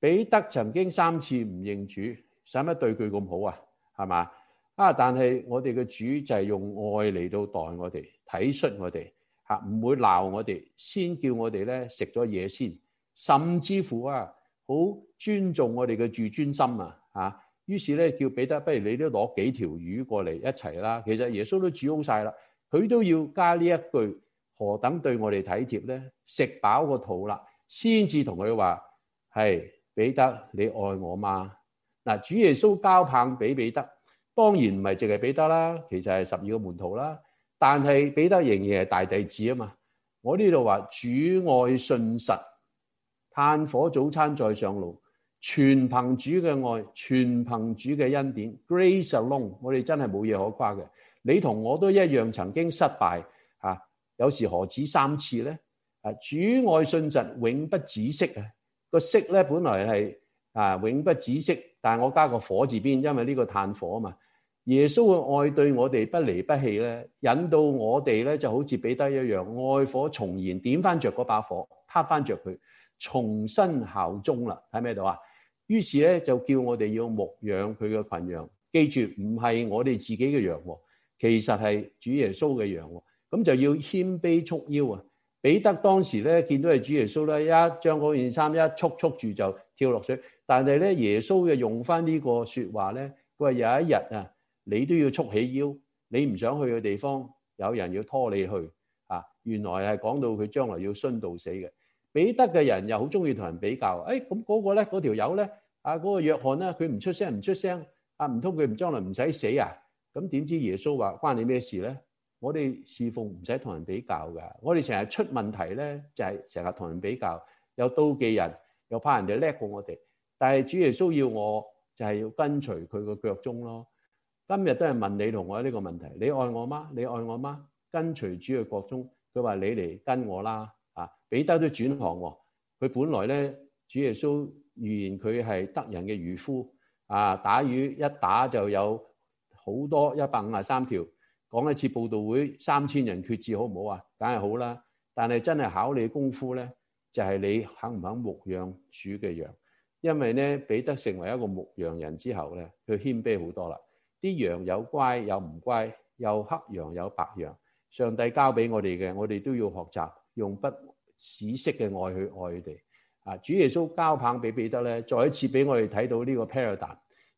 彼得曾經三次唔認主，使乜對佢咁好啊？係嘛？啊！但係我哋嘅主就係用愛嚟到待我哋，體恤我哋，吓、啊、唔會鬧我哋，先叫我哋咧食咗嘢先，甚至乎啊，好尊重我哋嘅自尊心啊！吓、啊，於是咧叫彼得，不如你都攞幾條魚過嚟一齊啦。其實耶穌都煮好晒啦，佢都要加呢一句，何等對我哋體貼咧？食飽個肚啦，先至同佢話，係彼得，你愛我嘛？嗱，主耶穌交棒俾彼得，當然唔係淨係彼得啦，其實係十二個門徒啦。但係彼得仍然係大弟子啊嘛。我呢度話主愛信實，炭火早餐再上路，全憑主嘅愛，全憑主嘅恩典。Grace alone，我哋真係冇嘢可誇嘅。你同我都一樣，曾經失敗吓，啊，有時何止三次咧？啊，主愛信實永不止息啊！個息咧本來係啊永不止息。啊息但係我加個火字邊，因為呢個炭火啊嘛。耶穌嘅愛對我哋不離不棄咧，引到我哋咧就好似彼得一樣，愛火重燃，點翻着嗰把火，撻翻着佢，重新效忠啦。喺咩度啊？於是咧就叫我哋要牧養佢嘅群羊，記住唔係我哋自己嘅羊，其實係主耶穌嘅羊，咁就要謙卑束腰啊。彼得當時咧見到係主耶穌咧，一將嗰件衫一束束住就跳落水。但係咧耶穌又用翻呢個説話咧，佢話有一日啊，你都要束起腰，你唔想去嘅地方，有人要拖你去啊。原來係講到佢將來要殉道死嘅。彼得嘅人又好中意同人比較，誒咁嗰個咧嗰條友咧啊嗰個約翰咧，佢唔出聲唔出聲啊，唔通佢唔將來唔使死啊？咁點知耶穌話關你咩事咧？我哋侍奉唔使同人比較㗎，我哋成日出問題咧，就係成日同人比較，又妒忌人，又怕人哋叻過我哋。但係主耶穌要我，就係要跟隨佢個腳蹤咯。今日都係問你同我呢個問題：你愛我嗎？你愛我嗎？跟隨主嘅腳蹤，佢話你嚟跟我啦。啊，彼得都轉行喎，佢本來咧，主耶穌預言佢係得人嘅漁夫啊，打魚一打就有好多一百五十三條。講一次報道會三千人決志好唔好啊？梗係好啦，但係真係考你的功夫咧，就係、是、你肯唔肯牧養主嘅羊。因為咧，彼得成為一個牧羊人之後咧，佢謙卑好多啦。啲羊有乖有唔乖，又黑羊有白羊。上帝交俾我哋嘅，我哋都要學習用不止息嘅愛去愛佢哋。啊，主耶穌交棒俾彼得咧，再一次俾我哋睇到呢個 paradigm。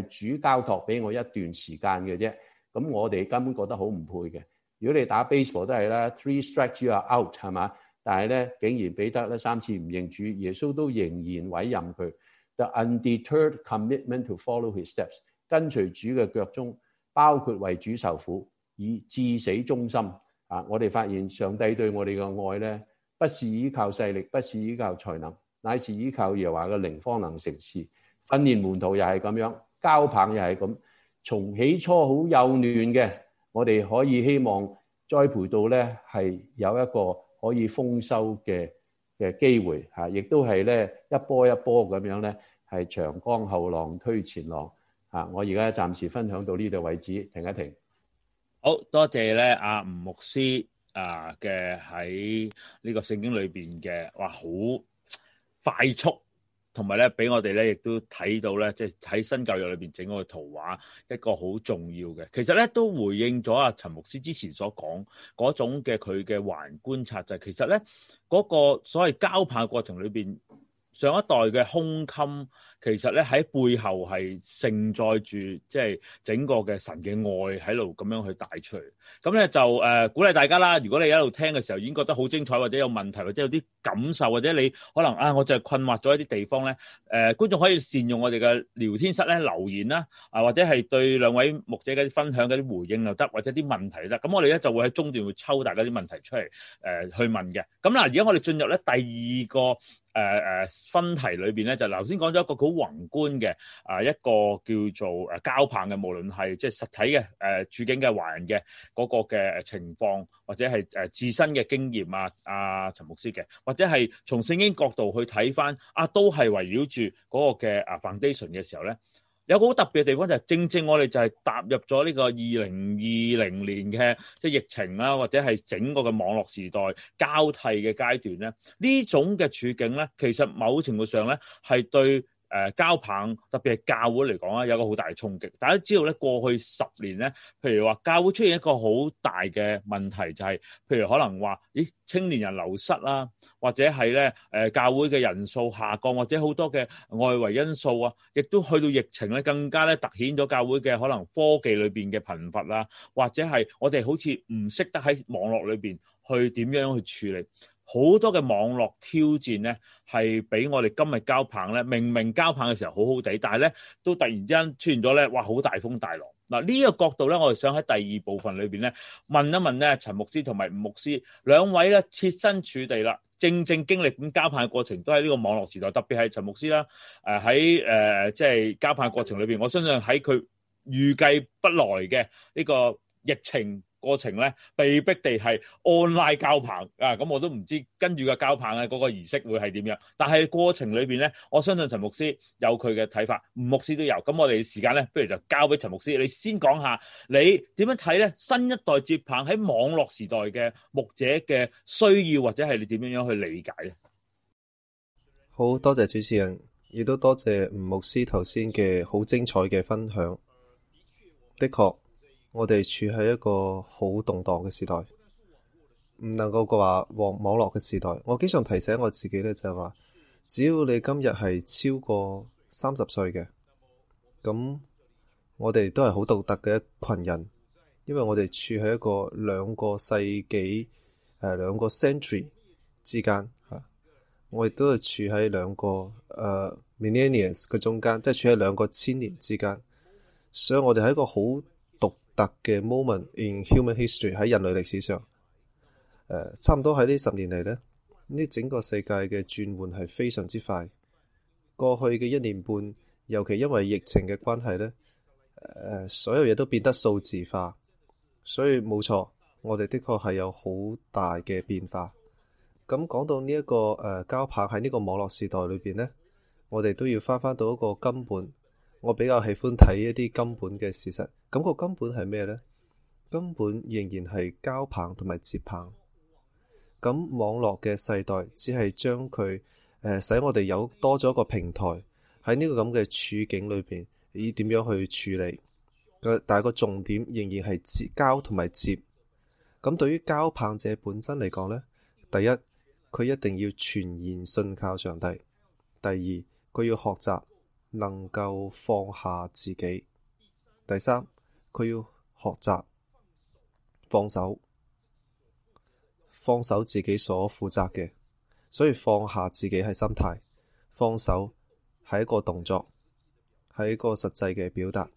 係主交託俾我一段時間嘅啫，咁我哋根本覺得好唔配嘅。如果你打 baseball 都係啦，three strikes you are out 係嘛？但係咧，竟然彼得咧三次唔認主，耶穌都仍然委任佢 the undeterred commitment to follow his steps，跟隨主嘅腳蹤，包括為主受苦，以至死忠心啊！我哋發現上帝對我哋嘅愛咧，不是依靠勢力，不是依靠才能，乃是依靠耶和華嘅靈方能成事。訓練門徒又係咁樣。交棒又係咁，從起初好幼嫩嘅，我哋可以希望栽培到咧，係有一個可以豐收嘅嘅機會嚇，亦都係咧一波一波咁樣咧，係長江後浪推前浪嚇。我而家暫時分享到呢度為止，停一停。好多謝咧，阿吳牧師啊嘅喺呢個聖經裏邊嘅哇，好快速。同埋咧，俾我哋咧，亦都睇到咧，即係喺新教育裏面整個圖畫一個好重要嘅。其實咧都回應咗阿陳牧師之前所講嗰種嘅佢嘅環觀察，就係、是、其實咧嗰、那個所謂交棒過程裏面。上一代嘅胸襟，其實咧喺背後係盛載住，即係整個嘅神嘅愛喺度咁樣去帶出嚟。咁咧就誒、呃、鼓勵大家啦，如果你喺度聽嘅時候已經覺得好精彩，或者有問題，或者有啲感受，或者你可能啊，我就係困惑咗一啲地方咧。誒、呃，觀眾可以善用我哋嘅聊天室咧留言啦，啊或者係對兩位牧者嘅分享嗰啲回應又得，或者啲問題啦。咁我哋咧就會喺中段會抽大家啲問題出嚟誒、呃、去問嘅。咁嗱，而家我哋進入咧第二個。誒誒、啊啊、分題裏邊咧，就頭先講咗一個好宏觀嘅啊，一個叫做誒交棒嘅，無論係即係實體嘅誒、啊、處境嘅華人嘅嗰個嘅情況，或者係誒自身嘅經驗啊啊陳牧師嘅，或者係從聖經角度去睇返啊，都係圍繞住嗰個嘅啊 foundation 嘅時候咧。有個好特別嘅地方就係正正我哋就係踏入咗呢個二零二零年嘅疫情啦，或者係整個嘅網絡時代交替嘅階段呢。呢種嘅處境呢，其實某程度上呢係對，誒交棒特別係教會嚟講啊，有個好大嘅衝擊。大家知道咧，過去十年咧，譬如話教會出現一個好大嘅問題，就係、是、譬如可能話，咦，青年人流失啦、啊，或者係咧誒教會嘅人數下降，或者好多嘅外圍因素啊，亦都去到疫情咧，更加咧突顯咗教會嘅可能科技裏邊嘅貧乏啦、啊，或者係我哋好似唔識得喺網絡裏邊去點樣去處理。好多嘅網絡挑戰咧，係俾我哋今日交棒咧。明明交棒嘅時候好好地，但係咧都突然之間出現咗咧，哇！好大風大浪嗱。呢個角度咧，我哋想喺第二部分裏邊咧，問一問咧，陳牧師同埋吳牧師兩位咧，切身處地啦，正正經歷咁交棒嘅過程，都喺呢個網絡時代，特別係陳牧師啦，誒喺誒即係交棒嘅過程裏邊，我相信喺佢預計不來嘅呢個疫情。過程咧，被逼地係按拉交棒啊！咁我都唔知跟住個交棒嘅嗰個儀式會係點樣。但係過程裏邊咧，我相信陳牧師有佢嘅睇法，吳牧師都有。咁我哋時間咧，不如就交俾陳牧師，你先講下你點樣睇咧？新一代接棒喺網絡時代嘅牧者嘅需要，或者係你點樣樣去理解？好多謝主持人，亦都多謝吳牧師頭先嘅好精彩嘅分享。的確。我哋處喺一個好動蕩嘅時代，唔能夠話網網絡嘅時代。我經常提醒我自己咧，就係、是、話，只要你今日係超過三十歲嘅，咁我哋都係好獨特嘅一群人，因為我哋處喺一個兩個世紀誒、呃，兩個 century 之間吓、啊，我亦都係處喺兩個誒、呃、millennium 嘅中間，即係處喺兩個千年之間，所以我哋喺一個好。特嘅 moment in human history，喺人類歷史上，誒、uh,，差唔多喺呢十年嚟咧，呢整個世界嘅轉換係非常之快。過去嘅一年半，尤其因為疫情嘅關係咧，誒、uh,，所有嘢都變得數字化，所以冇錯，我哋的確係有好大嘅變化。咁講到呢、這、一個誒交棒喺呢個網絡時代裏邊咧，我哋都要返返到一個根本。我比較喜歡睇一啲根本嘅事實。咁個根本係咩呢？根本仍然係交棒同埋接棒。咁網絡嘅世代只係將佢誒、呃，使我哋有多咗一個平台喺呢個咁嘅處境裏邊，以點樣去處理？呃、但係個重點仍然係接交同埋接。咁對於交棒者本身嚟講呢，第一，佢一定要全然信靠上帝；第二，佢要學習能夠放下自己；第三。佢要學習放手，放手自己所負責嘅，所以放下自己係心態，放手係一個動作、係一個實際嘅表達。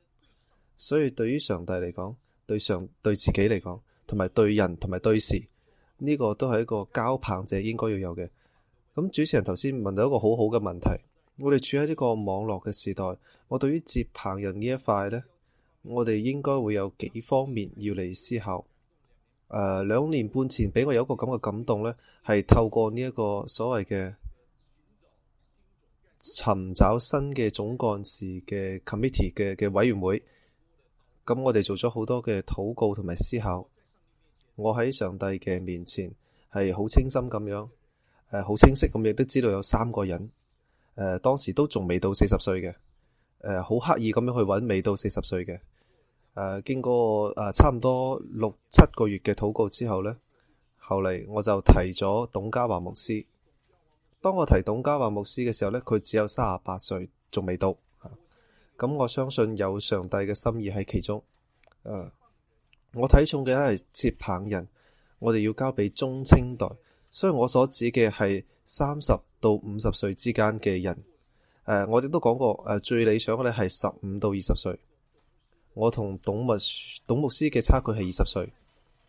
所以對於上帝嚟講，對上對自己嚟講，同埋對人同埋對事，呢個都係一個交棒者應該要有嘅。咁主持人頭先問到一個好好嘅問題，我哋處喺呢個網絡嘅時代，我對於接棒人呢一塊呢。我哋應該會有幾方面要嚟思考。誒、呃，兩年半前俾我有一個咁嘅感動咧，係透過呢一個所謂嘅尋找新嘅總幹事嘅 committee 嘅嘅委員會。咁我哋做咗好多嘅禱告同埋思考。我喺上帝嘅面前係好清心咁樣，誒、呃、好清晰咁亦都知道有三個人，誒、呃、當時都仲未到四十歲嘅，誒、呃、好刻意咁樣去揾未到四十歲嘅。誒、啊，經過誒、啊、差唔多六七個月嘅禱告之後咧，後嚟，我就提咗董家驊牧師。當我提董家驊牧師嘅時候咧，佢只有三十八歲，仲未到。咁、啊、我相信有上帝嘅心意喺其中。誒、啊，我睇重嘅咧係接棒人，我哋要交俾中青代，所以我所指嘅係三十到五十歲之間嘅人。誒、啊，我哋都講過，誒、啊、最理想嘅咧係十五到二十歲。我同董牧董牧師嘅差距係二十歲，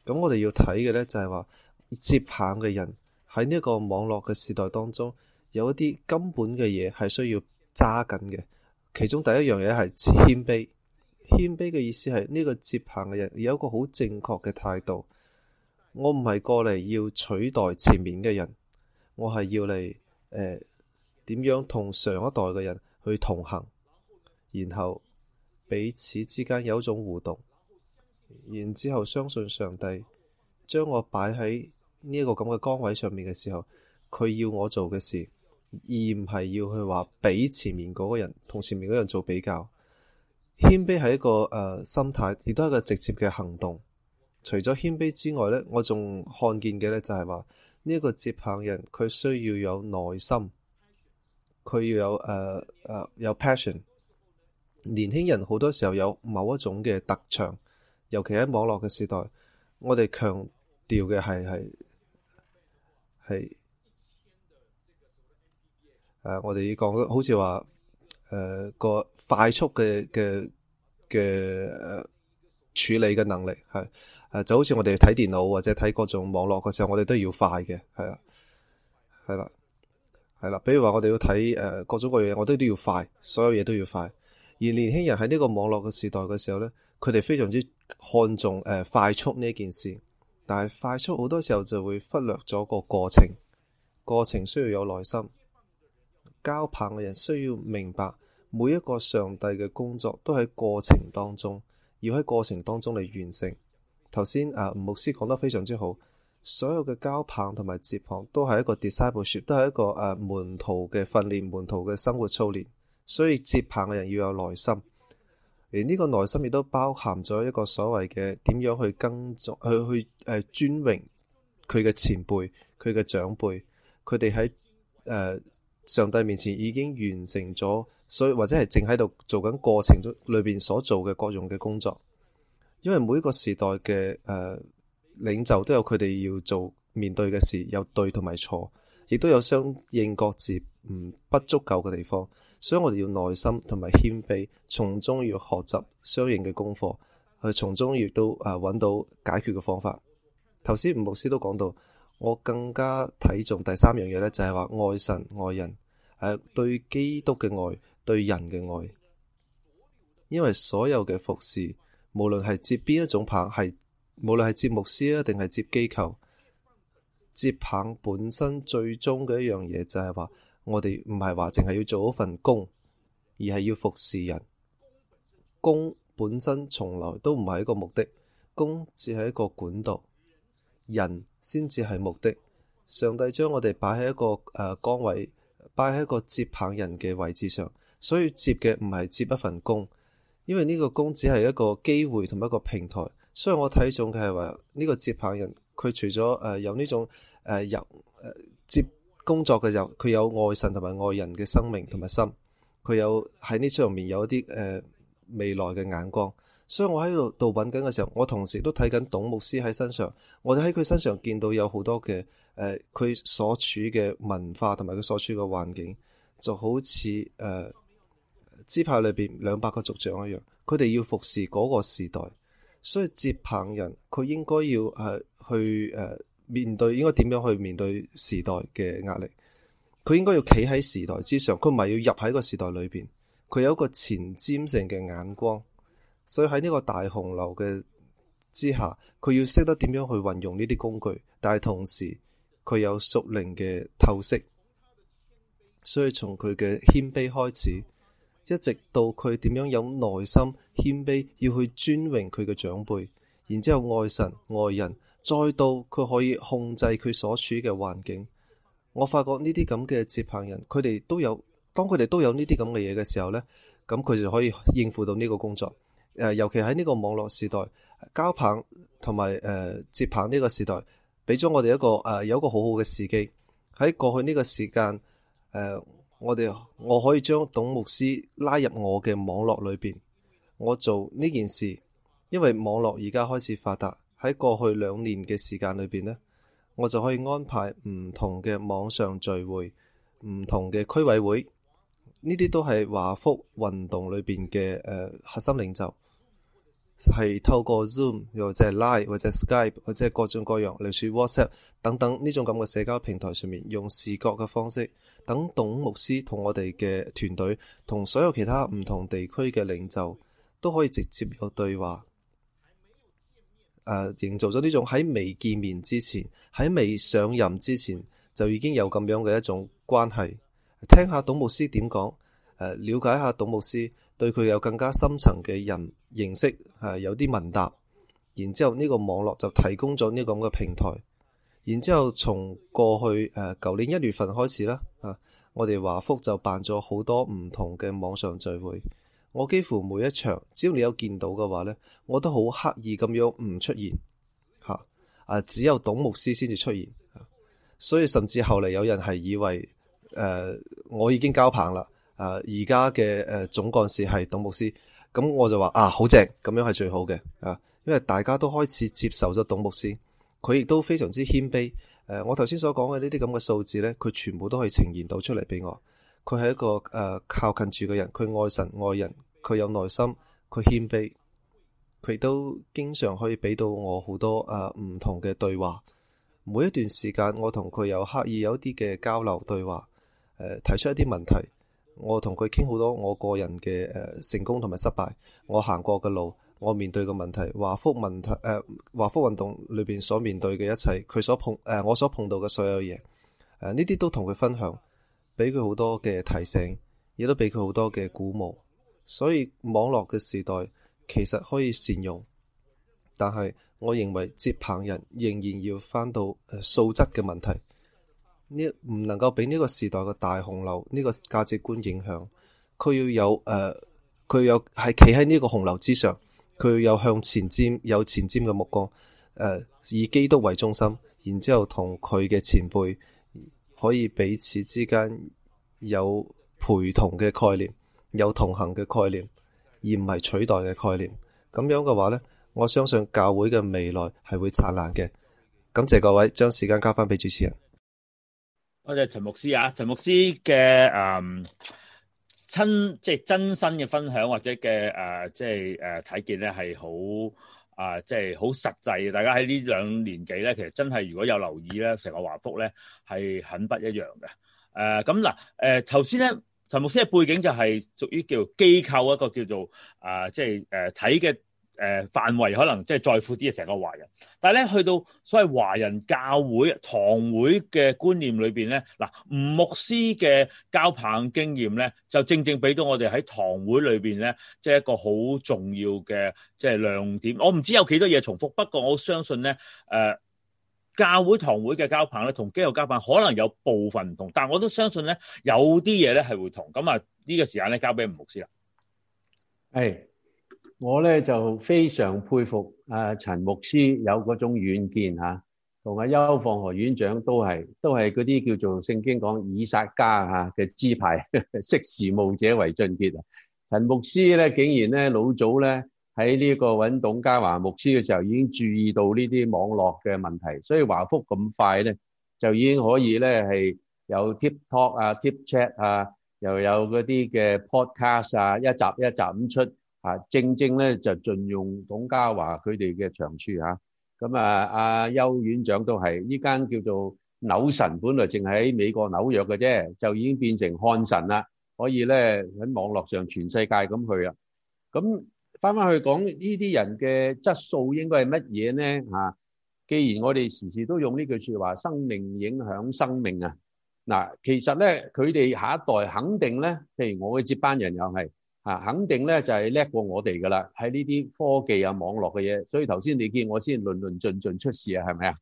咁我哋要睇嘅咧就係話接棒嘅人喺呢一個網絡嘅時代當中，有一啲根本嘅嘢係需要揸緊嘅。其中第一樣嘢係謙卑，謙卑嘅意思係呢個接棒嘅人有一個好正確嘅態度。我唔係過嚟要取代前面嘅人，我係要嚟誒點樣同上一代嘅人去同行，然後。彼此之間有一種互動，然之後相信上帝將我擺喺呢一個咁嘅崗位上面嘅時候，佢要我做嘅事，而唔係要去話畀前面嗰個人同前面嗰人做比較。謙卑係一個誒、呃、心態，亦都係一個直接嘅行動。除咗謙卑之外咧，我仲看見嘅咧就係話呢一個接棒人，佢需要有耐心，佢要有誒誒、呃呃、有 passion。年輕人好多時候有某一種嘅特長，尤其喺網絡嘅時代，我哋強調嘅係係係誒，我哋要講好似話誒個快速嘅嘅嘅處理嘅能力係誒，就好似我哋睇電腦或者睇各種網絡嘅時候，我哋都要快嘅係啊，係啦係啦，比如話我哋要睇誒、呃、各種各樣東西，嘢我都都要快，所有嘢都要快。而年輕人喺呢個網絡嘅時代嘅時候呢，佢哋非常之看重快速呢一件事，但係快速好多時候就會忽略咗個過程。過程需要有耐心，交棒嘅人需要明白每一個上帝嘅工作都喺過程當中，要喺過程當中嚟完成。頭先啊，吳牧師講得非常之好，所有嘅交棒同埋接棒都係一個 discipleship，都係一個誒門徒嘅訓練，門徒嘅生活操練。所以接棒嘅人要有耐心，而呢個耐心亦都包含咗一個所謂嘅點樣去耕去去誒尊榮佢嘅前輩、佢嘅長輩，佢哋喺誒上帝面前已經完成咗，所以或者係正喺度做緊過程中裏邊所做嘅各種嘅工作。因為每一個時代嘅誒、呃、領袖都有佢哋要做面對嘅事，有對同埋錯，亦都有相應各自唔不足夠嘅地方。所以我哋要耐心同埋謙卑，從中要學習相應嘅功課，去從中亦都啊揾到解決嘅方法。頭先吳牧師都講到，我更加睇重第三樣嘢咧，就係話愛神愛人，誒對基督嘅愛，對人嘅愛。因為所有嘅服侍，無論係接邊一種棒，係無論係接牧師啊，定係接機構，接棒本身最終嘅一樣嘢就係話。我哋唔係話淨係要做一份工，而係要服侍人。工本身從來都唔係一個目的，工只係一個管道，人先至係目的。上帝將我哋擺喺一個誒、呃、崗位，擺喺一個接棒人嘅位置上，所以接嘅唔係接一份工，因為呢個工只係一個機會同一個平台。所以我睇重嘅係話呢個接棒人，佢除咗誒、呃、有呢種誒入誒。呃呃工作嘅時候，佢有愛神同埋愛人嘅生命同埋心，佢有喺呢上面有一啲誒、呃、未來嘅眼光。所以我喺度度揾緊嘅時候，我同時都睇緊董牧師喺身上。我哋喺佢身上見到有好多嘅誒，佢、呃、所處嘅文化同埋佢所處嘅環境，就好似誒、呃、支派裏邊兩百個族長一樣，佢哋要服侍嗰個時代。所以接棒人佢應該要誒、呃、去誒。呃面對應該點樣去面對時代嘅壓力？佢應該要企喺時代之上，佢唔係要入喺個時代裏邊。佢有一個前瞻性嘅眼光，所以喺呢個大洪流嘅之下，佢要識得點樣去運用呢啲工具。但係同時，佢有熟齡嘅透識，所以從佢嘅謙卑開始，一直到佢點樣有耐心謙卑，要去尊榮佢嘅長輩，然之後愛神愛人。再到佢可以控制佢所處嘅環境，我發覺呢啲咁嘅接棒人，佢哋都有，當佢哋都有呢啲咁嘅嘢嘅時候咧，咁佢就可以應付到呢個工作。誒、呃，尤其喺呢個網絡時代，交棒同埋誒接棒呢個時代，俾咗我哋一個誒、呃、有一個好好嘅時機。喺過去呢個時間，誒、呃，我哋我可以將董牧師拉入我嘅網絡裏邊，我做呢件事，因為網絡而家開始發達。喺過去兩年嘅時間裏面呢，呢我就可以安排唔同嘅網上聚會，唔同嘅區委會，呢啲都係華福運動裏面嘅、呃、核心領袖，係透過 Zoom 又或者係 Live 或者 Skype 或者各種各樣，例如 WhatsApp 等等呢種咁嘅社交平台上面，用視覺嘅方式，等董牧師同我哋嘅團隊同所有其他唔同地區嘅領袖都可以直接有對話。誒、啊、營造咗呢種喺未見面之前，喺未上任之前，就已經有咁樣嘅一種關係。聽下董牧師點講，誒、啊、了解下董牧師對佢有更加深層嘅人認識，係、啊、有啲問答。然之後呢個網絡就提供咗呢個咁嘅平台。然之後從過去誒舊、啊、年一月份開始啦，啊，我哋華福就辦咗好多唔同嘅網上聚會。我幾乎每一場，只要你有見到嘅話呢，我都好刻意咁樣唔出現，吓啊，只有董牧師先至出現，所以甚至後嚟有人係以為誒、呃、我已經交棒啦，誒而家嘅誒總幹事係董牧師，咁我就話啊好正，咁樣係最好嘅，啊，因為大家都開始接受咗董牧師，佢亦都非常之謙卑，誒、呃、我頭先所講嘅呢啲咁嘅數字呢，佢全部都可以呈現到出嚟俾我，佢係一個誒、呃、靠近住嘅人，佢愛神愛人。佢有耐心，佢謙卑，佢都經常可以俾到我好多誒、啊、唔同嘅對話。每一段時間，我同佢有刻意有啲嘅交流對話，誒、啊、提出一啲問題，我同佢傾好多我個人嘅誒、啊、成功同埋失敗，我行過嘅路，我面對嘅問題，華福問題誒華福運動裏邊所面對嘅一切，佢所碰誒、啊、我所碰到嘅所有嘢誒呢啲都同佢分享，俾佢好多嘅提醒，亦都俾佢好多嘅鼓舞。所以網絡嘅時代其實可以善用，但係我認為接棒人仍然要翻到誒素質嘅問題。呢唔能夠俾呢個時代嘅大洪流呢個價值觀影響。佢要有誒，佢有係企喺呢個洪流之上，佢要有向前瞻有前瞻嘅目光。誒、呃，以基督為中心，然之後同佢嘅前輩可以彼此之間有陪同嘅概念。有同行嘅概念，而唔係取代嘅概念。咁樣嘅話咧，我相信教會嘅未來係會燦爛嘅。感謝各位，將時間交翻俾主持人。我哋陳牧師啊，陳牧師嘅誒、嗯、真即係真心嘅分享或者嘅誒、呃、即係誒睇見咧係好啊，即係好實際嘅。大家喺呢兩年幾咧，其實真係如果有留意咧，成個華福咧係很不一樣嘅。誒咁嗱，誒頭先咧。呃陳牧師嘅背景就係屬於叫機構一個叫做啊，即係誒睇嘅誒範圍，可能即係在乎啲嘅成個華人。但係咧，去到所謂華人教會堂會嘅觀念裏邊咧，嗱，吳牧師嘅交棒經驗咧，就正正俾到我哋喺堂會裏邊咧，即係一個好重要嘅即係亮點。我唔知有幾多嘢重複，不過我相信咧，誒、呃。教會堂會嘅交棒咧，同機構交棒可能有部分唔同，但係我都相信咧，有啲嘢咧係會同。咁啊，呢個時間咧，交俾吳牧師啦。我咧就非常佩服阿、啊、陳牧師有嗰種遠見吓，同阿邱放河院長都係都係嗰啲叫做聖經講以撒家吓嘅支牌識 *laughs* 時務者為俊傑啊！陳牧師咧竟然咧老早咧。喺呢個揾董家華牧師嘅時候，已經注意到呢啲網絡嘅問題，所以華福咁快咧就已經可以咧係有 TikTok 啊、TikTok 啊，又有嗰啲嘅 Podcast 啊，一集一集咁出啊，正正咧就盡用董家華佢哋嘅長處嚇。咁啊，阿邱院長都係呢間叫做紐神，本來淨喺美國紐約嘅啫，就已經變成漢神啦，可以咧喺網絡上全世界咁去啊，咁。翻翻去講呢啲人嘅質素應該係乜嘢咧？吓，既然我哋時時都用呢句說話，生命影響生命啊！嗱，其實咧，佢哋下一代肯定咧，譬如我嘅接班人又係吓，肯定咧就係叻過我哋噶啦。喺呢啲科技啊、網絡嘅嘢，所以頭先你見我先論論盡盡出事啊，係咪啊？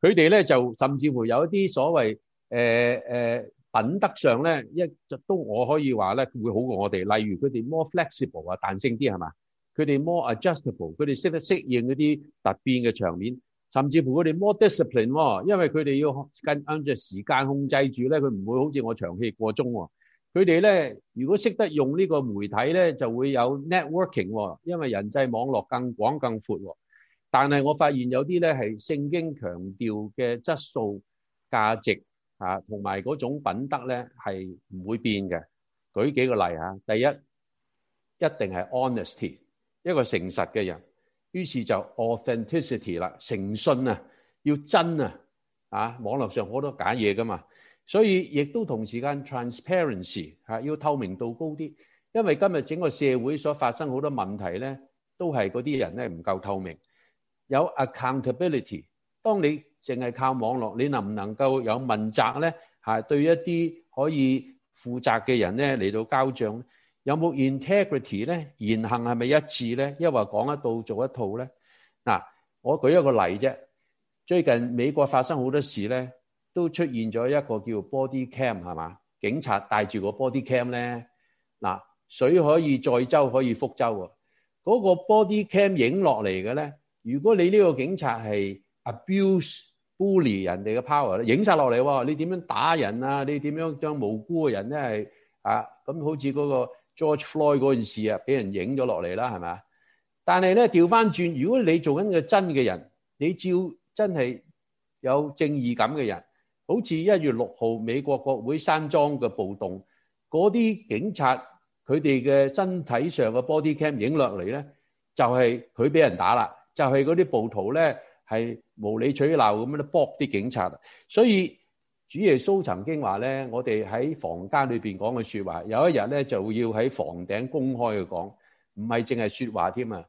佢哋咧就甚至乎有一啲所謂誒誒。品德上咧，一就都我可以話咧，會好過我哋。例如佢哋 more flexible 啊，彈性啲係嘛？佢哋 more adjustable，佢哋識得適應嗰啲突變嘅場面，甚至乎佢哋 more discipline，因為佢哋要更按照時間控制住咧，佢唔會好似我長氣過鐘。佢哋咧，如果識得用呢個媒體咧，就會有 networking，因為人際網絡更廣更闊，但係我發現有啲咧係聖經強調嘅質素價值。啊，同埋嗰種品德咧係唔會變嘅。舉幾個例嚇，第一一定係 honesty，一個誠實嘅人。於是就 authenticity 啦，誠信啊，要真啊。啊，網絡上好多假嘢㗎嘛，所以亦都同時間 transparency 嚇，要透明度高啲。因為今日整個社會所發生好多問題咧，都係嗰啲人咧唔夠透明。有 accountability，當你淨係靠網絡，你能唔能夠有問責咧？嚇，對一啲可以負責嘅人咧嚟到交賬，有冇 integrity 咧？言行係咪一致咧？一話講一套做一套咧？嗱，我舉一個例啫。最近美國發生好多事咧，都出現咗一個叫 body cam 係嘛？警察帶住個 body cam 咧，嗱，水可以載舟可以覆舟喎。嗰個 body cam 影落嚟嘅咧，如果你呢個警察係 abuse，孤立人哋嘅 power，咧影晒落嚟，你點樣打人啊？你點樣將無辜嘅人咧係啊？咁好似嗰個 George Floyd 嗰件事啊，俾人影咗落嚟啦，係咪啊？但係咧，調翻轉，如果你做緊個真嘅人，你照真係有正義感嘅人，好似一月六號美國國會山莊嘅暴動嗰啲警察，佢哋嘅身體上嘅 body cam 影落嚟咧，就係佢俾人打啦，就係嗰啲暴徒咧。係無理取鬧咁樣都，box 啲警察。所以主耶穌曾經話咧，我哋喺房間裏邊講嘅説話，有一日咧就要喺房頂公開去講，唔係淨係説話添啊！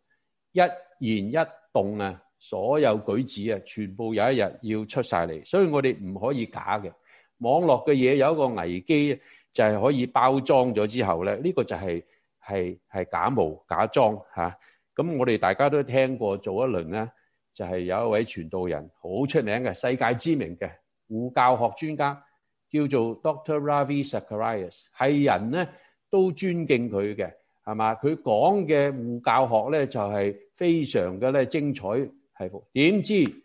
一言一動啊，所有舉止啊，全部有一日要出曬嚟。所以我哋唔可以假嘅。網絡嘅嘢有一個危機，就係可以包裝咗之後咧，呢個就係係係假冒假裝嚇。咁我哋大家都聽過做一輪咧。就係有一位傳道人，好出名嘅，世界知名嘅護教學專家，叫做 Dr. Ravi Zacharias，係人咧都尊敬佢嘅，係嘛？佢講嘅護教學咧就係、是、非常嘅咧精彩係服，點知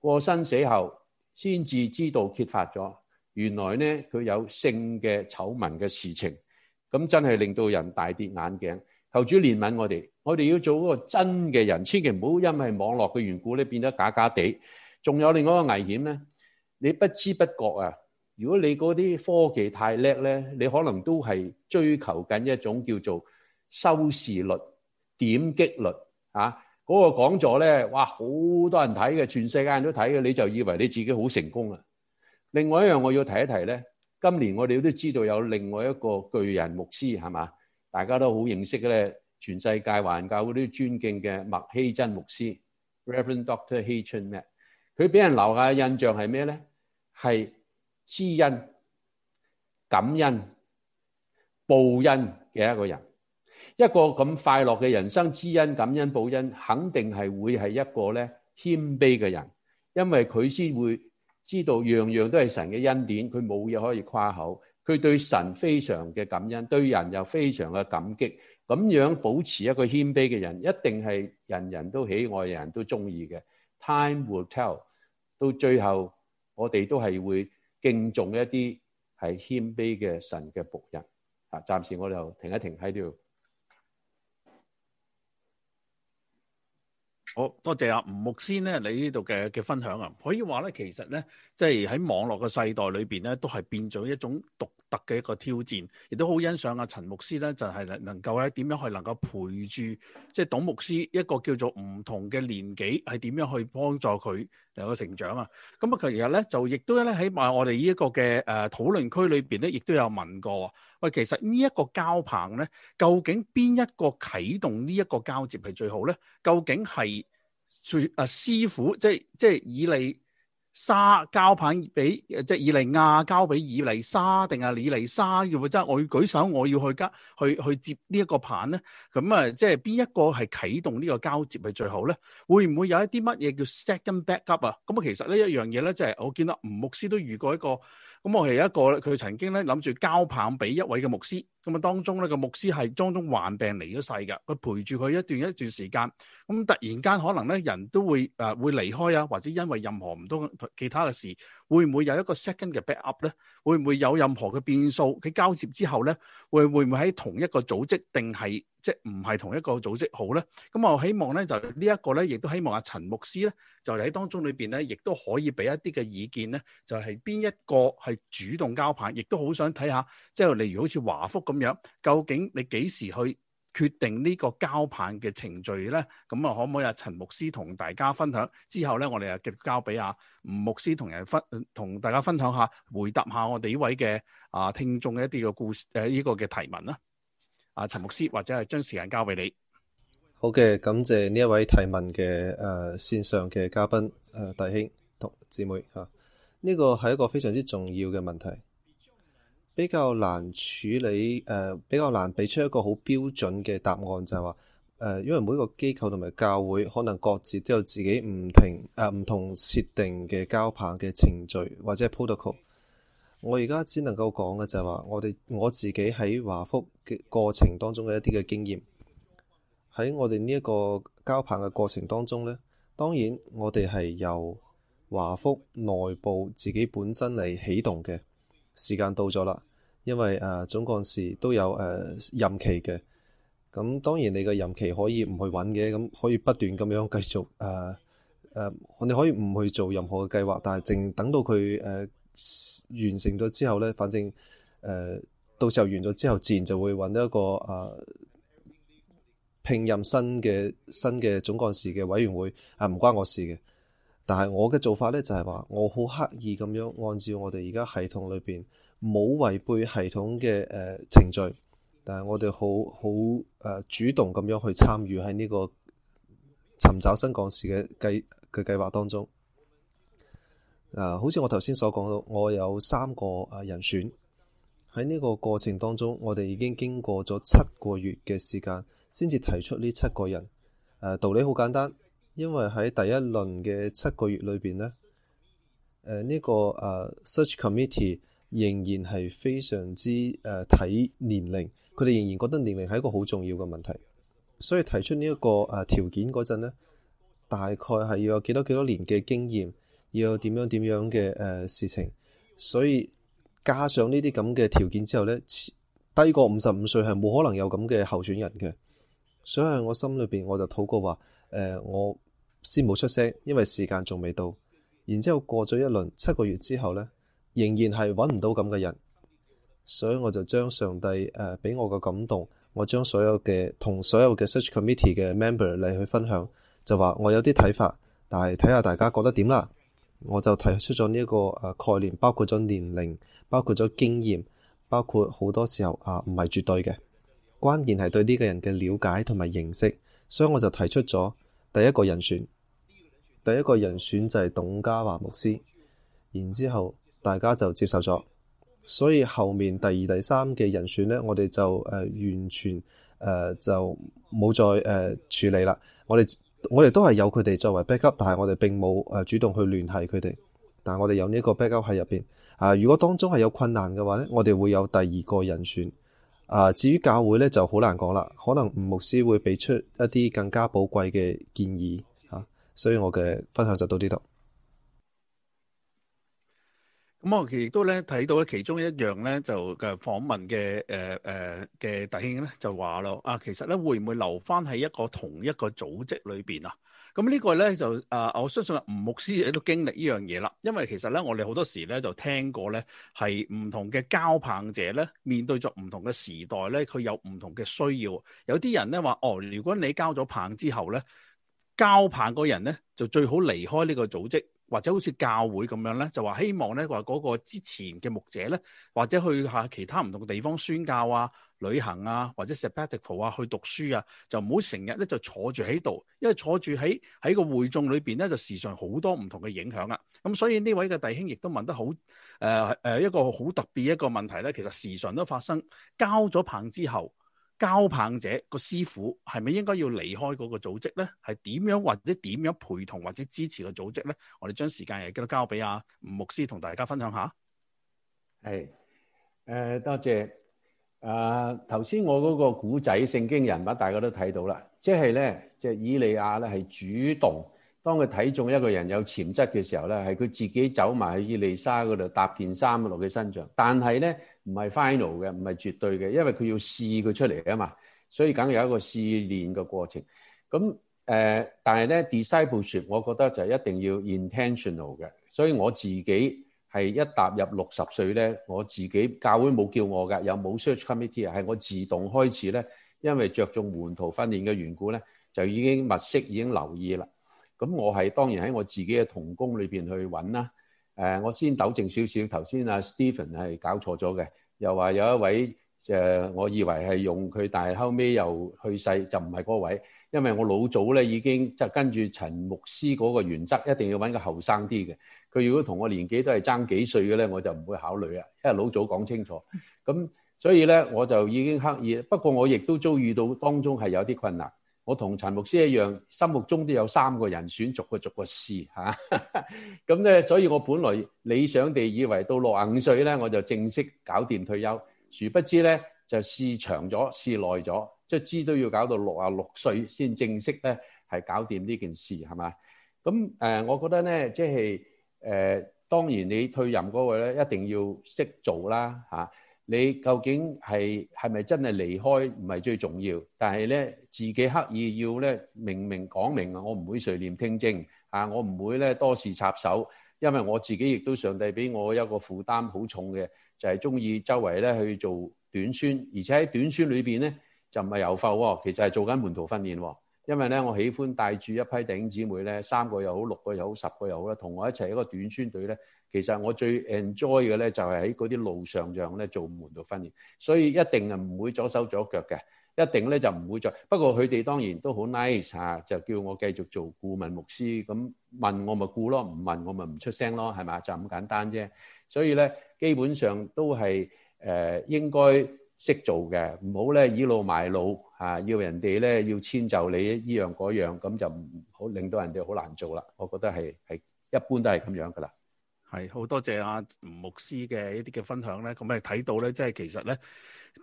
過身死後先至知道揭發咗，原來咧佢有性嘅醜聞嘅事情，咁真係令到人大跌眼鏡。求主憐憫我哋，我哋要做嗰個真嘅人，千祈唔好因為網絡嘅緣故咧，變得假假地。仲有另外一個危險咧，你不知不覺啊，如果你嗰啲科技太叻咧，你可能都係追求緊一種叫做收視率、點擊率。嗰個講座咧，哇，好多人睇嘅，全世界人都睇嘅，你就以為你自己好成功啦。另外一樣我要提一提咧，今年我哋都知道有另外一個巨人牧師係嘛？大家都好認識咧，全世界華教嗰啲尊敬嘅麥希真牧師 （Reverend Doctor H. T. Mac）。佢俾人留下嘅印象係咩咧？係知恩、感恩、報恩嘅一個人。一個咁快樂嘅人生，知恩、感恩、報恩，肯定係會係一個咧謙卑嘅人，因為佢先會知道樣樣都係神嘅恩典，佢冇嘢可以誇口。佢對神非常嘅感恩，對人又非常嘅感激，咁樣保持一個謙卑嘅人，一定係人人都喜愛、人人都中意嘅。Time will tell，到最後我哋都係會敬重一啲係謙卑嘅神嘅僕人。啊，暫時我哋就停一停喺度。好多謝阿、啊、吳牧師咧，你呢度嘅嘅分享啊，可以話咧，其實咧即係喺網絡嘅世代裏邊咧，都係變咗一種獨特嘅一個挑戰，亦都好欣賞阿陳牧師咧就係、是、能能夠咧點樣去能夠陪住即係董牧師一個叫做唔同嘅年紀係點樣去幫助佢有個成長啊。咁啊，其實呢，咧就亦都咧喺埋我哋呢一個嘅誒討論區裏邊咧，亦都有問過。喂，其實呢一個交棒咧，究竟邊一個啟動呢一個交接係最好咧？究竟係最啊師傅，即係即係以利沙交棒俾，即係以利亞交俾以利沙定係以利沙？嘅？即係我要舉手，我要去加去去接呢一個棒咧，咁啊，即係邊一個係啟動呢個交接係最好咧？會唔會有一啲乜嘢叫 second back up 啊？咁啊，其實呢一樣嘢咧，即係我見到吳牧師都遇過一個。咁我係有一個，佢曾經咧諗住交棒俾一位嘅牧師，咁啊當中咧，個牧師係當中中患病離咗世嘅，佢陪住佢一段一段時間。咁突然間可能咧，人都會誒會離開啊，或者因為任何唔同其他嘅事，會唔會有一個 second 嘅 backup 咧？會唔會有任何嘅變數？佢交接之後咧，會會唔會喺同一個組織定係即唔係同一個組織好咧？咁我希望咧就呢一個咧，亦都希望阿陳牧師咧，就喺當中裏邊咧，亦都可以俾一啲嘅意見咧，就係邊一個係主動交棒，亦都好想睇下，即係例如好似華福咁樣，究竟你幾時去決定呢個交棒嘅程序咧？咁啊，可唔可以阿陳牧師同大家分享？之後咧，我哋啊交俾阿吳牧師同人分，同大家分享下，回答下我哋呢位嘅啊聽眾一啲嘅故事誒，呢、啊這個嘅提問啦。阿、啊、陳牧師或者係將時間交俾你。好嘅，感謝呢一位提問嘅誒、呃、線上嘅嘉賓誒弟、呃、兄同姊妹吓。啊呢個係一個非常之重要嘅問題，比較難處理，誒、呃，比較難俾出一個好標準嘅答案，就係話，誒、呃，因為每一個機構同埋教會可能各自都有自己唔同誒唔同設定嘅交棒嘅程序或者係 protocol。我而家只能夠講嘅就係話，我哋我自己喺華福嘅過程當中嘅一啲嘅經驗，喺我哋呢一個交棒嘅過程當中咧，當然我哋係由。華福內部自己本身嚟起動嘅時間到咗啦，因為誒、啊、總幹事都有、啊、任期嘅，咁當然你嘅任期可以唔去揾嘅，咁可以不斷咁樣繼續誒、啊啊、你可以唔去做任何嘅計劃，但係淨等到佢、啊、完成咗之後咧，反正、啊、到時候完咗之後，自然就會揾到一個誒、啊、聘任新嘅新嘅總幹事嘅委員會，啊唔關我事嘅。但係我嘅做法咧，就係、是、話我好刻意咁樣按照我哋而家系統裏邊冇違背系統嘅誒、呃、程序，但係我哋好好誒主動咁樣去參與喺呢個尋找新港事嘅計嘅計劃當中。嗱、呃，好似我頭先所講到，我有三個誒人選喺呢個過程當中，我哋已經經過咗七個月嘅時間，先至提出呢七個人。誒、呃，道理好簡單。因為喺第一輪嘅七個月裏邊咧，誒、這、呢個誒 Search Committee 仍然係非常之誒睇年齡，佢哋仍然覺得年齡係一個好重要嘅問題，所以提出呢一個誒條件嗰陣咧，大概係要有幾多幾多年嘅經驗，要有點樣點樣嘅誒事情，所以加上呢啲咁嘅條件之後咧，低過五十五歲係冇可能有咁嘅候選人嘅，所以喺我心裏邊我就禱告話，誒、呃、我。先冇出聲，因為時間仲未到。然之後過咗一輪，七個月之後呢，仍然係揾唔到咁嘅人，所以我就將上帝誒俾、呃、我嘅感動，我將所有嘅同所有嘅 search committee 嘅 member 嚟去分享，就話我有啲睇法，但係睇下大家覺得點啦。我就提出咗呢個誒概念，包括咗年齡，包括咗經驗，包括好多時候啊唔係絕對嘅，關鍵係對呢個人嘅了解同埋認識，所以我就提出咗。第一個人選，第一個人選就係董家華牧師，然之後大家就接受咗，所以後面第二、第三嘅人選呢，我哋就、呃、完全誒、呃、就冇再誒、呃、處理啦。我哋我哋都係有佢哋作為 backup，但係我哋並冇誒主動去聯繫佢哋，但係我哋有呢個 backup 喺入邊啊、呃。如果當中係有困難嘅話呢，我哋會有第二個人選。啊，至於教會咧就好難講啦，可能吳牧師會俾出一啲更加寶貴嘅建議嚇、啊，所以我嘅分享就到這裏、嗯、呢度。咁我其實亦都咧睇到咧其中一樣咧就嘅訪問嘅誒誒嘅弟兄咧就話咯，啊、呃呃、呢啊其實咧會唔會留返喺一個同一個組織裏邊啊？咁呢個咧就誒，我相信吳牧師亦都經歷呢樣嘢啦。因為其實咧，我哋好多時咧就聽過咧，係唔同嘅交棒者咧，面對着唔同嘅時代咧，佢有唔同嘅需要。有啲人咧話：哦，如果你交咗棒之後咧，交棒嗰人咧就最好離開呢個組織。或者好似教會咁樣咧，就話希望咧，話嗰個之前嘅牧者咧，或者去下其他唔同嘅地方宣教啊、旅行啊，或者 sabbatical 啊去讀書啊，就唔好成日咧就坐住喺度，因為坐住喺喺個會眾裏邊咧，就時常好多唔同嘅影響啦。咁所以呢位嘅弟兄亦都問得好，誒、呃、誒、呃、一個好特別一個問題咧，其實時常都發生，交咗棒之後。交棒者、嗰個師傅係咪應該要離開嗰個組織咧？係點樣或者點樣陪同或者支持個組織咧？我哋將時間又交俾阿吳牧師同大家分享一下。係誒、呃，多謝。誒、呃，頭先我嗰個古仔聖經人物，大家都睇到啦，即係咧，即係以利亞咧係主動。當佢睇中一個人有潛質嘅時候咧，係佢自己走埋去伊利莎嗰度搭件衫落佢身上。但係咧唔係 final 嘅，唔係絕對嘅，因為佢要試佢出嚟啊嘛，所以梗有一個試練嘅過程。咁、呃、但係咧 discipleship，我覺得就一定要 intentional 嘅。所以我自己係一踏入六十歲咧，我自己教會冇叫我㗎，又冇 search committee，係我自動開始咧，因為着重門徒訓練嘅緣故咧，就已經物色，已經留意啦。咁我係當然喺我自己嘅同工裏邊去揾啦、啊。誒、呃，我先糾正少少，頭先阿、啊、Stephen 係搞錯咗嘅，又話有一位誒，我以為係用佢，但係後尾又去世，就唔係嗰位。因為我老早咧已經即係跟住陳牧師嗰個原則，一定要揾個後生啲嘅。佢如果同我年紀都係爭幾歲嘅咧，我就唔會考慮啊。因為老早講清楚，咁所以咧我就已經刻意。不過我亦都遭遇到當中係有啲困難。我同陳牧師一樣，心目中都有三個人選，逐個逐個試嚇。咁、啊、咧，所以我本來理想地以為到六啊五歲咧，我就正式搞掂退休。殊不知咧，就試長咗，試耐咗，即係知都要搞到六啊六歲先正式咧，係搞掂呢件事係嘛？咁誒、呃，我覺得咧，即係誒，當然你退任嗰個咧，一定要識做啦嚇。啊。你究竟係，係咪真係離開，唔係最重要。但係咧，自己刻意要咧，明明講明啊，我唔會垂簾聽政啊，我唔會咧多事插手，因為我自己亦都上帝俾我一個負擔好重嘅，就係中意周圍咧去做短宣，而且喺短宣裏面咧就唔係遊埠，其實係做緊門徒訓練。因為咧，我喜歡帶住一批弟兄姊妹咧，三個又好，六個又好，十個又好啦，同我一齊一個短宣隊咧。其實我最 enjoy 嘅咧，就係喺嗰啲路上就咧做門徒訓練，所以一定係唔會左手左腳嘅，一定咧就唔會再。不過佢哋當然都好 nice 嚇，就叫我繼續做顧問牧師。咁問我咪顧咯，唔問我咪唔出聲咯，係嘛？就咁簡單啫。所以咧，基本上都係誒應該。識做嘅，唔好咧倚老賣老啊，要人哋咧要遷就你依樣嗰樣，咁就唔好令到人哋好難做啦。我覺得係係一般都係咁樣噶啦。係好多謝阿、啊、吳牧師嘅一啲嘅分享咧，咁咪睇到咧，即係其實咧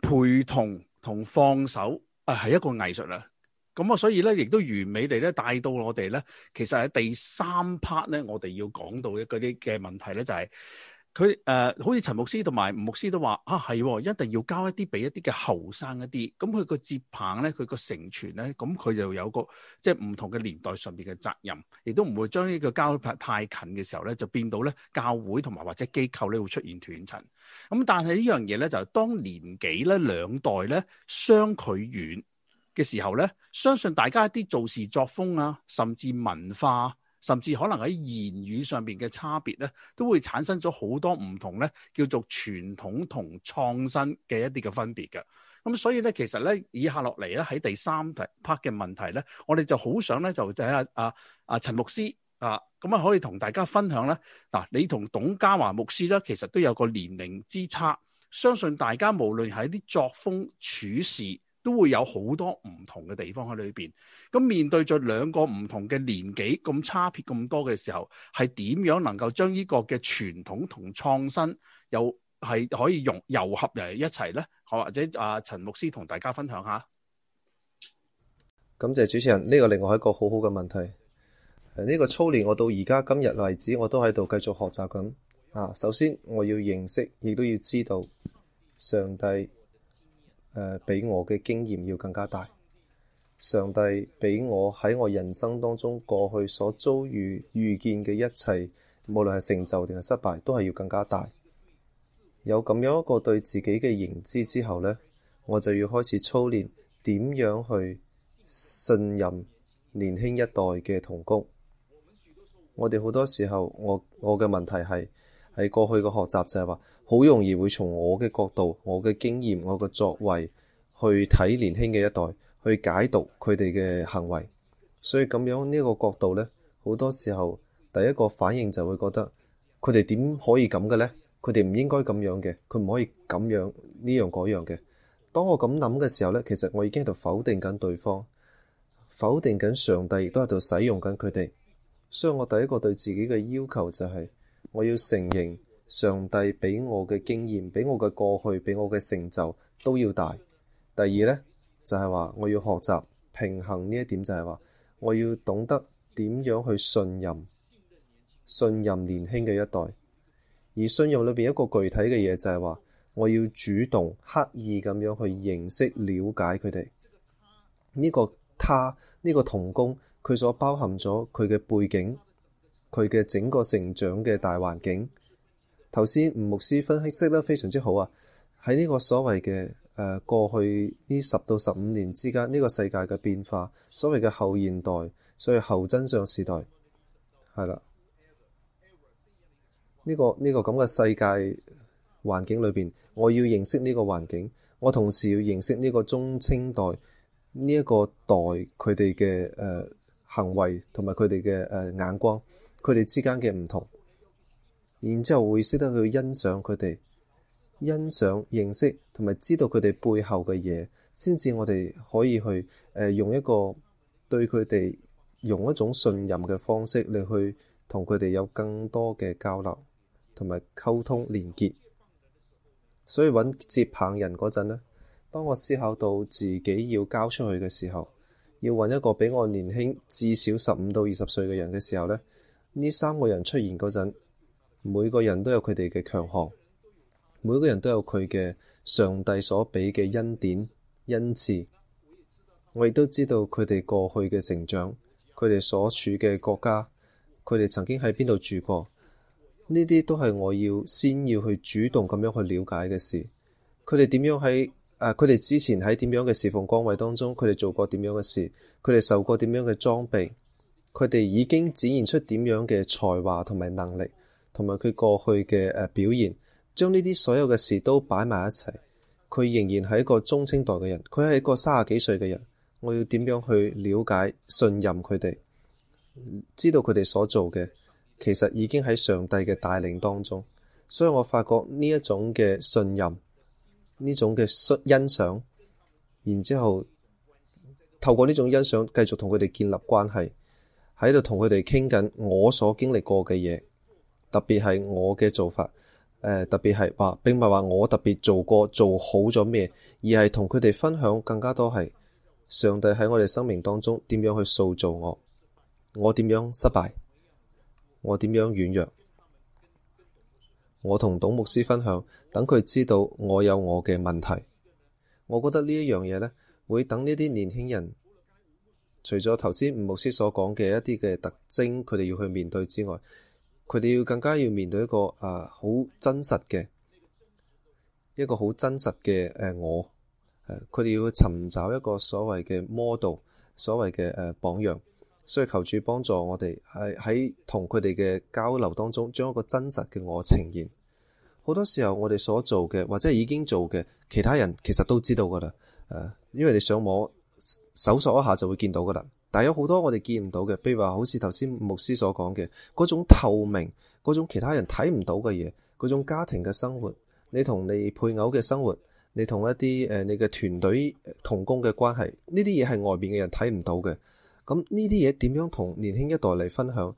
陪同同放手啊係一個藝術啦。咁啊，所以咧亦都完美地咧帶到我哋咧，其實喺第三 part 咧，我哋要講到嘅嗰啲嘅問題咧就係、是。佢誒、呃，好似陳牧師同埋吳牧師都話啊，係、哦，一定要交一啲俾一啲嘅後生一啲，咁佢個接棒咧，佢個承傳咧，咁佢就有個即係唔同嘅年代上邊嘅責任，亦都唔會將呢個交太近嘅時候咧，就變到咧教會同埋或者機構咧會出現斷層。咁但係呢樣嘢咧，就係、當年紀咧兩代咧相距遠嘅時候咧，相信大家一啲做事作風啊，甚至文化、啊。甚至可能喺言語上邊嘅差別咧，都會產生咗好多唔同咧，叫做傳統同創新嘅一啲嘅分別嘅。咁所以咧，其實咧，以下落嚟咧，喺第三題 part 嘅問題咧，我哋就好想咧，就睇下啊啊陳、啊、牧師啊，咁啊可以同大家分享咧嗱、啊，你同董家驊牧師咧，其實都有個年齡之差，相信大家無論喺啲作風處事，都會有好多唔同嘅地方喺裏邊，咁面對着兩個唔同嘅年紀咁差別咁多嘅時候，係點樣能夠將呢個嘅傳統同創新又係可以融糅合嚟一齊咧？好，或者阿陳牧師同大家分享下？感謝主持人，呢、這個另外一個好好嘅問題。呢、這個操練我到而家今日為止，我都喺度繼續學習緊。啊，首先我要認識，亦都要知道上帝。誒，比我嘅經驗要更加大。上帝俾我喺我人生當中過去所遭遇、遇見嘅一切，無論係成就定係失敗，都係要更加大。有咁樣一個對自己嘅認知之後呢，我就要開始操練點樣去信任年輕一代嘅同工。我哋好多時候，我我嘅問題係喺過去嘅學習就係話。好容易會從我嘅角度、我嘅經驗、我嘅作為去睇年輕嘅一代，去解讀佢哋嘅行為。所以咁樣呢個角度呢，好多時候第一個反應就會覺得佢哋點可以咁嘅呢？佢哋唔應該咁樣嘅，佢唔可以咁樣呢樣嗰樣嘅。當我咁諗嘅時候呢，其實我已經喺度否定緊對方，否定緊上帝，亦都喺度使用緊佢哋。所以，我第一個對自己嘅要求就係我要承認。上帝俾我嘅經驗，俾我嘅過去，俾我嘅成就都要大。第二呢，就係話我要學習平衡呢一點就是說，就係話我要懂得點樣去信任，信任年輕嘅一代。而信任裏邊一個具體嘅嘢就係話，我要主動刻意咁樣去認識了解佢哋呢個他呢、呢個同工，佢所包含咗佢嘅背景，佢嘅整個成長嘅大環境。頭先吳牧師分析得非常之好啊！喺呢個所謂嘅誒過去呢十到十五年之間，呢個世界嘅變化，所謂嘅後現代，所謂後真相時代，係啦。呢個呢個咁嘅世界環境裏邊，我要認識呢個環境，我同時要認識呢個中青代呢一個代佢哋嘅誒行為同埋佢哋嘅誒眼光，佢哋之間嘅唔同。然之後會識得去欣賞佢哋，欣賞認識同埋知道佢哋背後嘅嘢，先至我哋可以去、呃、用一個對佢哋用一種信任嘅方式嚟去同佢哋有更多嘅交流同埋溝通連結。所以搵接棒人嗰陣呢，當我思考到自己要交出去嘅時候，要搵一個比我年輕至少十五到二十歲嘅人嘅時候呢，呢三個人出現嗰陣。每個人都有佢哋嘅強項，每個人都有佢嘅上帝所俾嘅恩典恩賜。我亦都知道佢哋過去嘅成長，佢哋所處嘅國家，佢哋曾經喺邊度住過。呢啲都係我要先要去主動咁樣去了解嘅事。佢哋點樣喺誒？佢哋之前喺點樣嘅侍奉崗位當中，佢哋做過點樣嘅事？佢哋受過點樣嘅裝備？佢哋已經展現出點樣嘅才華同埋能力？同埋佢過去嘅誒表現，將呢啲所有嘅事都擺埋一齊。佢仍然係一個中青代嘅人，佢係一個三十幾歲嘅人。我要點樣去了解、信任佢哋，知道佢哋所做嘅其實已經喺上帝嘅帶領當中。所以我發覺呢一種嘅信任，呢種嘅欣欣賞，然之後透過呢種欣賞，繼續同佢哋建立關係，喺度同佢哋傾緊我所經歷過嘅嘢。特別係我嘅做法，誒、呃，特別係話，並唔係話我特別做過做好咗咩，而係同佢哋分享更加多係上帝喺我哋生命當中點樣去塑造我，我點樣失敗，我點樣軟弱，我同董牧師分享，等佢知道我有我嘅問題。我覺得這事呢一樣嘢咧，會等呢啲年輕人，除咗頭先吳牧師所講嘅一啲嘅特徵，佢哋要去面對之外。佢哋要更加要面對一個啊好真實嘅一個好真實嘅誒我，誒佢哋要尋找一個所謂嘅 model，所謂嘅誒榜樣，所以求主幫助我哋係喺同佢哋嘅交流當中，將一個真實嘅我呈現。好多時候我哋所做嘅或者已經做嘅，其他人其實都知道噶啦，誒，因為你上網搜索一下就會見到噶啦。係有好多我哋見唔到嘅，譬如話好似頭先牧師所講嘅嗰種透明，嗰種其他人睇唔到嘅嘢，嗰種家庭嘅生活，你同你配偶嘅生活，你同一啲誒、呃、你嘅團隊同工嘅關係，呢啲嘢係外邊嘅人睇唔到嘅。咁呢啲嘢點樣同年輕一代嚟分享？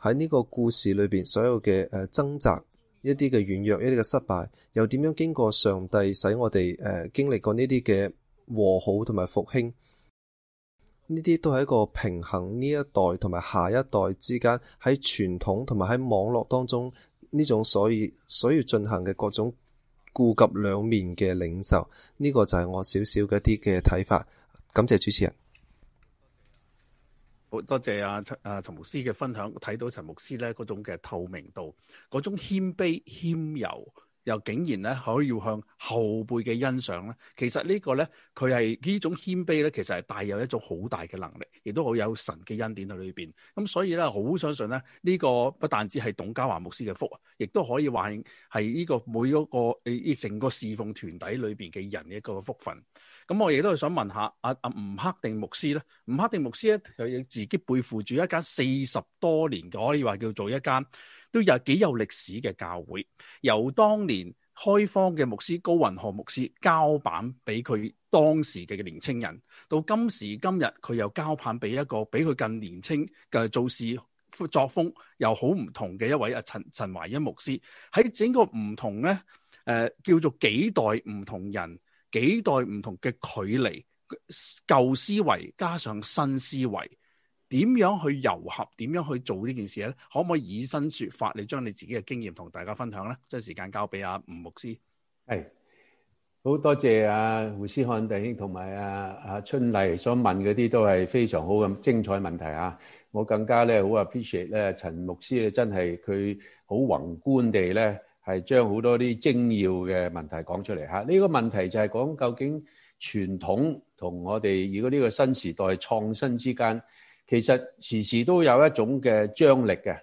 喺呢個故事裏邊，所有嘅誒掙扎，一啲嘅軟弱，一啲嘅失敗，又點樣經過上帝使我哋誒、呃、經歷過呢啲嘅和好同埋復興？呢啲都係一個平衡呢一代同埋下一代之間，喺傳統同埋喺網絡當中呢種所以所要進行嘅各種顧及兩面嘅領袖呢、呢個就係我少少嘅一啲嘅睇法，感謝主持人，好多謝阿、啊、陳、啊、陳牧師嘅分享，睇到陳牧師咧嗰種嘅透明度，嗰種謙卑謙柔。又竟然咧，可以要向後輩嘅欣賞咧。其實呢個咧，佢係呢種謙卑咧，其實係帶有一種好大嘅能力，亦都好有神嘅恩典喺裏邊。咁所以咧，好相信咧，呢個不但止係董家華牧師嘅福，亦都可以話係呢個每一個呢成個侍奉團體裏邊嘅人嘅一個福分。咁我亦都想問下阿阿吳克定牧師咧，吳克定牧師咧佢自己背負住一間四十多年嘅，可以話叫做一間。都有幾有歷史嘅教會，由當年開荒嘅牧師高雲河牧師交棒俾佢當時嘅年青人，到今時今日，佢又交棒俾一個比佢更年輕嘅做事作風又好唔同嘅一位啊陳陳懷恩牧師，喺整個唔同、呃、叫做幾代唔同人，幾代唔同嘅距離，舊思維加上新思維。點樣去糅合？點樣去做呢件事咧？可唔可以以身說法，你將你自己嘅經驗同大家分享咧？將時間交俾阿吳牧師，係好多謝阿、啊、胡思漢弟兄同埋阿阿春麗所問嗰啲都係非常好嘅精彩問題啊！我更加咧好 appreciate 咧陳牧師咧真係佢好宏觀地咧係將好多啲精要嘅問題講出嚟吓。呢個問題就係講究竟傳統同我哋如果呢個新時代創新之間？其實時時都有一種嘅張力嘅，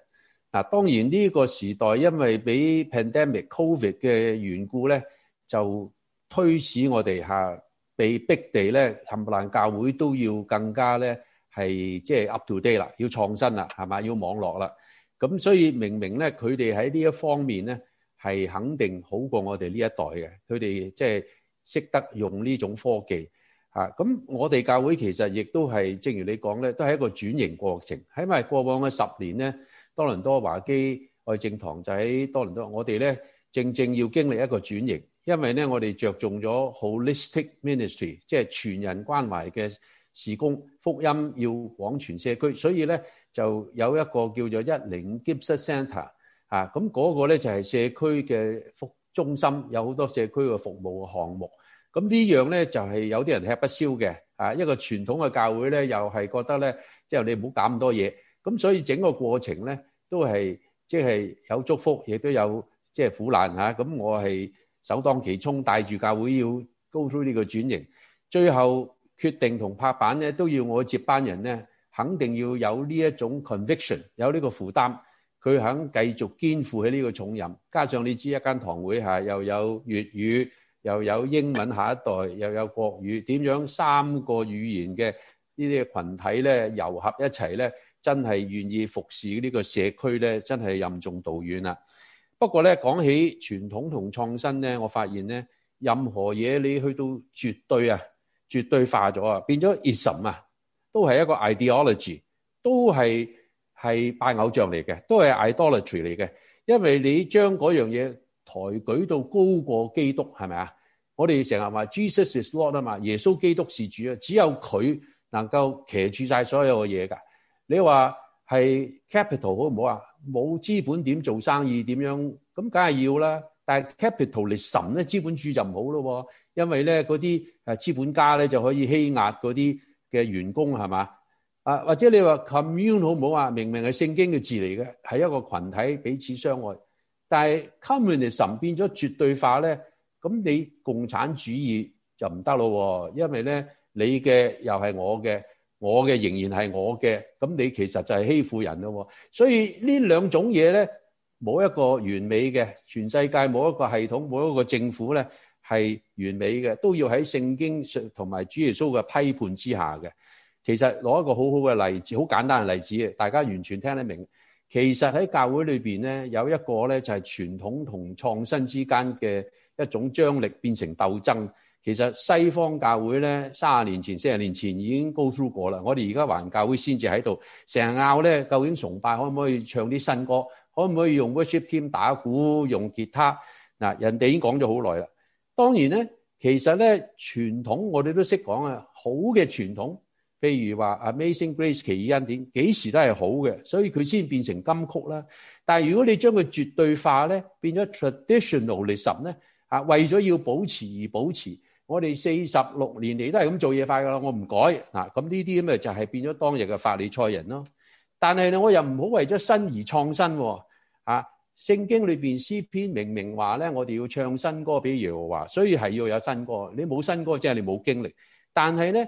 嗱，當然呢個時代因為俾 pandemic COVID 嘅緣故咧，就推使我哋吓被逼地咧冚唪唥教會都要更加咧係即係 up to date 啦，要創新啦，係咪？要網絡啦，咁所以明明咧佢哋喺呢一方面咧係肯定好過我哋呢一代嘅，佢哋即係識得用呢種科技。啊，咁我哋教會其實亦都係，正如你講咧，都係一個轉型過程。喺因為過往嘅十年咧，多倫多華基愛正堂就喺多倫多。我哋咧正正要經歷一個轉型，因為咧我哋着重咗 Holistic Ministry，即係全人關懷嘅事工，福音要往全社區。所以咧就有一個叫做一零五 Gibson Centre 啊，咁嗰個咧就係社區嘅服中心，有好多社區嘅服務嘅項目。咁呢樣咧就係有啲人吃不消嘅，一個傳統嘅教會咧，又係覺得咧，即、就、係、是、你唔好搞咁多嘢。咁所以整個過程咧，都係即係有祝福，亦都有即係、就是、苦難嚇。咁、啊、我係首當其衝，帶住教會要 go through 呢個轉型。最後決定同拍板咧，都要我接班人咧，肯定要有呢一種 conviction，有呢個負擔，佢肯繼續肩負起呢個重任。加上你知一間堂會下又有粵語。又有英文下一代，又有國語，點樣三個語言嘅呢啲嘅羣體咧，糅合一齊咧，真係願意服侍呢個社區咧，真係任重道遠啦。不過咧，講起傳統同創新咧，我發現咧，任何嘢你去到絕對啊，絕對化咗啊，變咗 ism 啊，都係一個 ideology，都係係拜偶像嚟嘅，都係 idolatry 嚟嘅，因為你將嗰樣嘢抬舉到高過基督係咪啊？我哋成日話 Jesus is Lord 啊嘛，耶穌基督是主啊，只有佢能夠騎住晒所有嘅嘢㗎。你話係 capital 好唔好啊？冇資本點做生意點樣？噉梗係要啦。但係 capital 嚟神咧，資本主義就唔好咯，因為咧，嗰啲誒資本家咧，就可以欺壓嗰啲嘅員工係嘛啊？或者你話 commune 好唔好啊？明明係聖經嘅字嚟嘅，係一個群體彼此相愛。但係 communism 神變咗絕對化咧，咁你共產主義就唔得咯，因為咧你嘅又係我嘅，我嘅仍然係我嘅，咁你其實就係欺負人咯。所以呢兩種嘢咧，冇一個完美嘅，全世界冇一個系統，冇一個政府咧係完美嘅，都要喺聖經同埋主耶穌嘅批判之下嘅。其實攞一個好好嘅例子，好簡單嘅例子，大家完全聽得明。其實喺教會裏邊咧，有一個咧就係傳統同創新之間嘅一種張力變成鬥爭。其實西方教會咧，三十年前、四十年前已經 go through 過啦。我哋而家華人教會先至喺度成日拗咧，究竟崇拜可唔可以唱啲新歌，可唔可以用 worship team 打鼓、用吉他？嗱，人哋已經講咗好耐啦。當然咧，其實咧傳統我哋都識講啊，好嘅傳統。譬如話《Amazing Grace》奇異恩典，幾時都係好嘅，所以佢先變成金曲啦。但係如果你將佢絕對化咧，變咗 traditionalism 咧，啊，為咗要保持而保持，我哋四十六年嚟都係咁做嘢快噶啦，我唔改嗱。咁呢啲咁咪就係變咗當日嘅法利賽人咯。但係咧，我又唔好為咗新而創新喎。啊，聖經裏面詩篇明明話咧，我哋要唱新歌，畀耶和華，所以係要有新歌。你冇新歌即係你冇經歷。但係咧。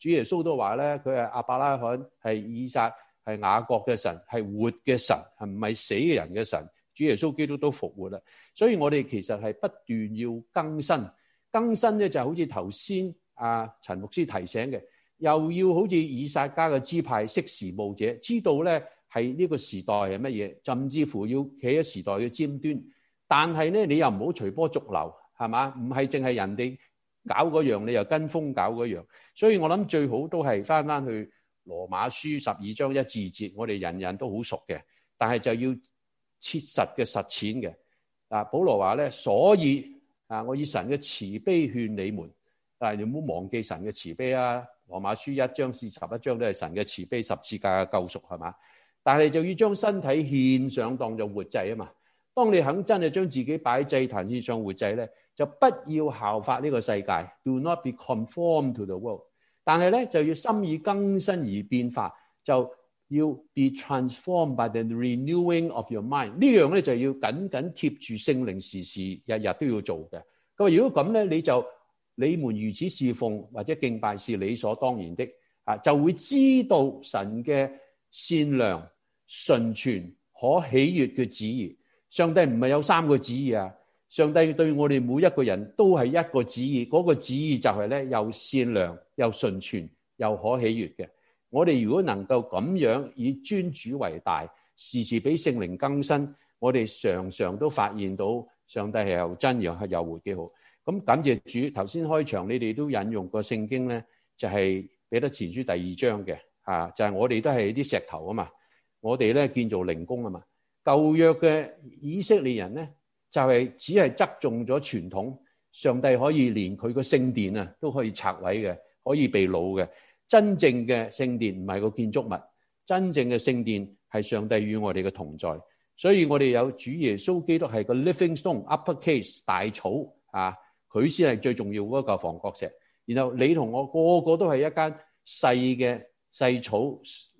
主耶穌都話咧，佢係亞伯拉罕係以撒係雅各嘅神，係活嘅神，係唔係死嘅人嘅神？主耶穌基督都復活啦，所以我哋其實係不斷要更新，更新咧就好似頭先阿陳牧師提醒嘅，又要好似以薩迦嘅支派識時務者，知道咧係呢個時代係乜嘢，甚至乎要企喺時代嘅尖端，但係咧你又唔好隨波逐流，係嘛？唔係淨係人哋。搞嗰樣，你又跟風搞嗰樣，所以我諗最好都係翻翻去羅馬書十二章一字節，我哋人人都好熟嘅，但係就要切實嘅實踐嘅。啊，保羅話咧，所以啊，我以神嘅慈悲勸你們，但係你唔好忘記神嘅慈悲啊。羅馬書一章至十一章都係神嘅慈悲，十字架嘅救贖係嘛？但係就要將身體獻上當作活祭啊嘛。當你肯真係將自己擺祭壇，獻上活祭咧，就不要效法呢個世界，do not be conform to the world 但。但係咧，就要心意更新而變化，就要 be transformed by the renewing of your mind 呢。呢樣咧，就要緊緊貼住聖靈，時時日日都要做嘅。咁如果咁咧，你就你們如此侍奉，或者敬拜是理所當然的啊，就會知道神嘅善良、純全、可喜悦嘅旨意。上帝唔係有三個旨意啊！上帝對我哋每一個人都係一個旨意，嗰個旨意就係咧又善良又純全又可喜悅嘅。我哋如果能夠咁樣以尊主為大，時時俾聖靈更新，我哋常常都發現到上帝係又真又又活幾好。咁感謝主，頭先開場你哋都引用個聖經咧，就係彼得前書第二章嘅吓，就係我哋都係啲石頭啊嘛，我哋咧建造靈宮啊嘛。舊約嘅以色列人咧，就係、是、只係側重咗傳統，上帝可以連佢個聖殿啊都可以拆毀嘅，可以被擄嘅。真正嘅聖殿唔係個建築物，真正嘅聖殿係上帝與我哋嘅同在。所以我哋有主耶穌基督係個 living stone，uppercase 大草啊，佢先係最重要嗰嚿房角石。然後你同我個個都係一間細嘅。細草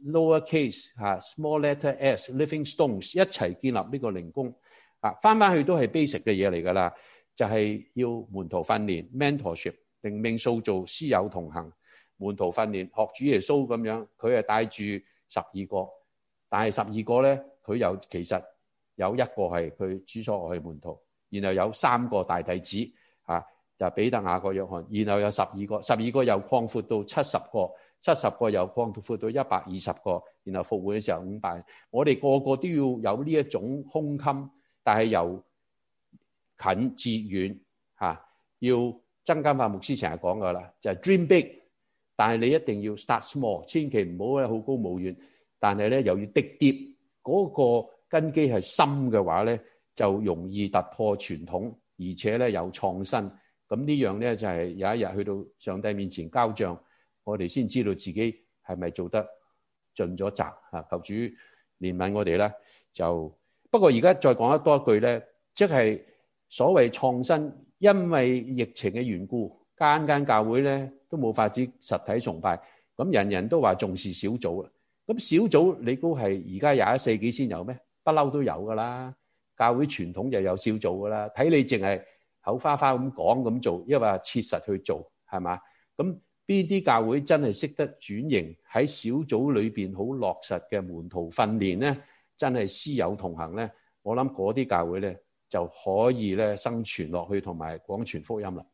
lowercase 吓 small letter s living stones 一齊建立呢個靈工啊，翻翻去都係 basic 嘅嘢嚟噶啦，就係、是、要門徒訓練 mentorship 靈命塑造，師友同行，門徒訓練，學主耶穌咁樣，佢係帶住十二個，但係十二個咧，佢有其實有一個係佢主所愛門徒，然後有三個大弟子吓、啊、就彼、是、得雅各約翰，然後有十二個十二個又擴闊到七十個。七十個又擴到擴到一百二十個，然後復活嘅時候五百。我哋個個都要有呢一種胸襟，但係由近至遠吓、啊，要曾金發牧師成日講噶啦，就係、是、dream big，但係你一定要 start small，千祈唔好咧好高冇遠，但係咧又要滴跌。嗰、那個根基係深嘅話咧，就容易突破傳統，而且咧有創新。咁呢樣咧就係、是、有一日去到上帝面前交賬。我哋先知道自己係咪做得盡咗責啊！求主憐憫我哋啦。就不過而家再講得多一句咧，即係所謂創新。因為疫情嘅緣故，間間教會咧都冇法子實體崇拜。咁人人都話重視小組啦。咁小組你都係而家廿一世紀先有咩？不嬲都有噶啦。教會傳統就有小組噶啦。睇你淨係口花花咁講咁做，因為話切實去做係嘛？咁。呢啲教會真係識得轉型喺小組裏邊好落實嘅門徒訓練咧，真係師友同行咧，我諗嗰啲教會咧就可以咧生存落去同埋廣傳福音啦。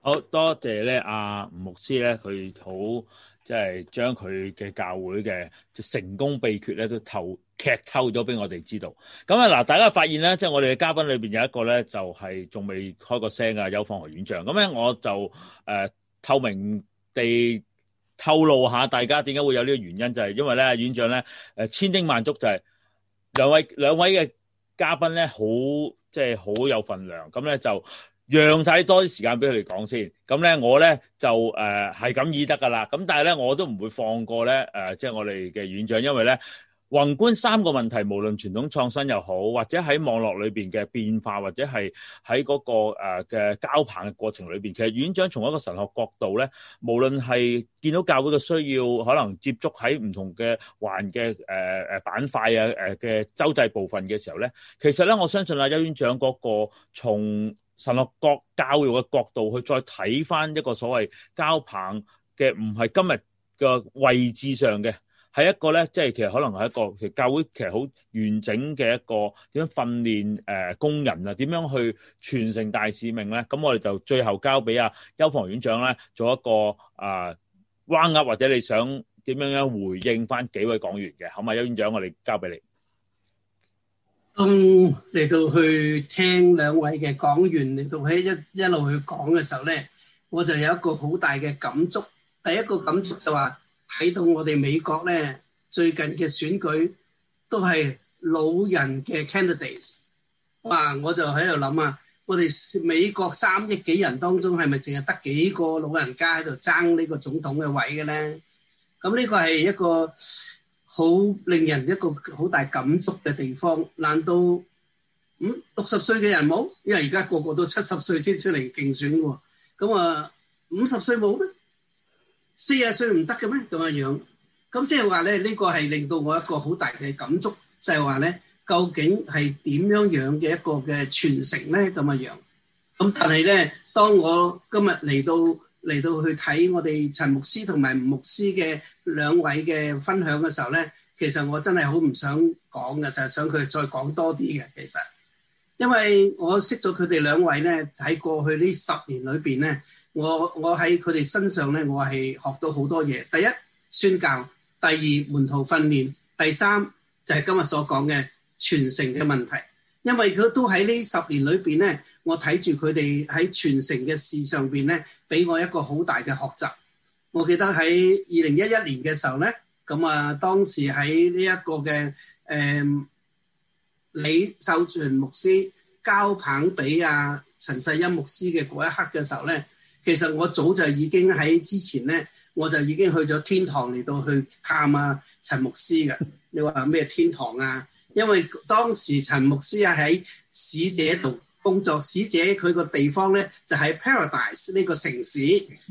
好多謝咧阿吳牧師咧，佢好即係將佢嘅教會嘅成功秘訣咧都透劇透咗俾我哋知道。咁啊嗱，大家發現咧，即係我哋嘅嘉賓裏邊有一個咧就係仲未開過聲噶，有放學院長。咁咧我就誒。呃透明地透露下大家點解會有呢個原因，就係、是、因為咧，院長咧誒千叮萬囑、就是，就係兩位兩位嘅嘉賓咧，好即係好有份量。咁咧就讓晒多啲時間俾佢哋講先。咁咧我咧就誒係咁意得噶啦。咁但係咧我都唔會放過咧誒即係我哋嘅院長，因為咧。宏觀三個問題，無論傳統創新又好，或者喺網絡裏邊嘅變化，或者係喺嗰個誒嘅交棒嘅過程裏邊，其實院長從一個神學角度咧，無論係見到教會嘅需要，可能接觸喺唔同嘅環嘅誒誒板塊啊，誒、呃、嘅周際部分嘅時候咧，其實咧我相信啊邱院長嗰個從神學教教育嘅角度去再睇翻一個所謂交棒嘅，唔係今日嘅位置上嘅。係一個咧，即係其實可能係一個，其實教會其實好完整嘅一個點樣訓練誒工人啊，點樣去傳承大使命咧？咁我哋就最後交俾啊邱房院長咧，做一個啊 round up 或者你想點樣樣回應返幾位講員嘅，好嘛？邱院長，我哋交俾你。嗯，嚟到去聽兩位嘅講員嚟到喺一一路去講嘅時候咧，我就有一個好大嘅感觸。第一個感觸就話。睇到我哋美國咧最近嘅選舉都係老人嘅 candidates，哇！我就喺度諗啊，我哋美國三億幾人當中係咪淨係得幾個老人家喺度爭呢個總統嘅位嘅咧？咁呢個係一個好令人一個好大感觸嘅地方。難道五六十歲嘅人冇？因為而家個個都七十歲先出嚟競選喎。咁啊，五十歲冇咩？四啊歲唔得嘅咩？咁啊樣，咁先係話咧，呢個係令到我一個好大嘅感觸，就係話咧，究竟係點樣樣嘅一個嘅傳承咧？咁啊樣，咁但係咧，當我今日嚟到嚟到去睇我哋陳牧師同埋吳牧師嘅兩位嘅分享嘅時候咧，其實我真係好唔想講嘅，就係想佢再講多啲嘅。其實，因為我識咗佢哋兩位咧，喺過去呢十年裏邊咧。我我喺佢哋身上咧，我係學到好多嘢。第一，宣教，第二門徒訓練，第三就係今日所講嘅傳承嘅問題。因為佢都喺呢十年裏邊咧，我睇住佢哋喺傳承嘅事上邊咧，俾我一個好大嘅學習。我記得喺二零一一年嘅時候咧，咁啊，當時喺呢一個嘅誒李秀全牧師交棒俾阿陳世欣牧師嘅嗰一刻嘅時候咧。其實我早就已經喺之前咧，我就已經去咗天堂嚟到去探啊陳牧師嘅。你話咩天堂啊？因為當時陳牧師啊喺使者度工作，使者佢個地方咧就喺、是、Paradise 呢個城市。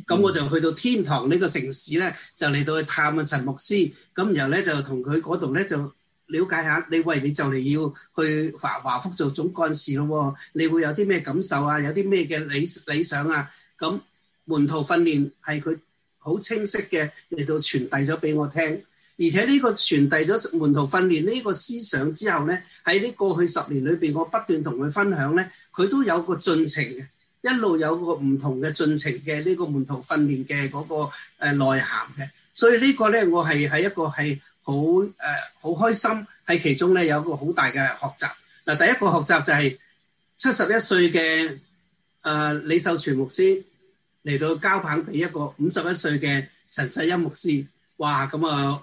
咁我就去到天堂呢個城市咧，就嚟到去探啊陳牧師。咁然後咧就同佢嗰度咧就了解下。你喂，你就嚟要去華華福做總幹事咯，哦、你會有啲咩感受啊？有啲咩嘅理理想啊？咁門徒訓練係佢好清晰嘅嚟到傳遞咗俾我聽，而且呢個傳遞咗門徒訓練呢個思想之後咧，喺呢過去十年裏邊，我不斷同佢分享咧，佢都有個進程嘅，一路有個唔同嘅進程嘅呢個門徒訓練嘅嗰個誒內涵嘅，所以呢個咧我係喺一個係好誒好開心喺其中咧有一個好大嘅學習嗱，第一個學習就係七十一歲嘅誒李秀全牧師。嚟到交棒俾一個五十一歲嘅陳世欽牧師，哇！咁啊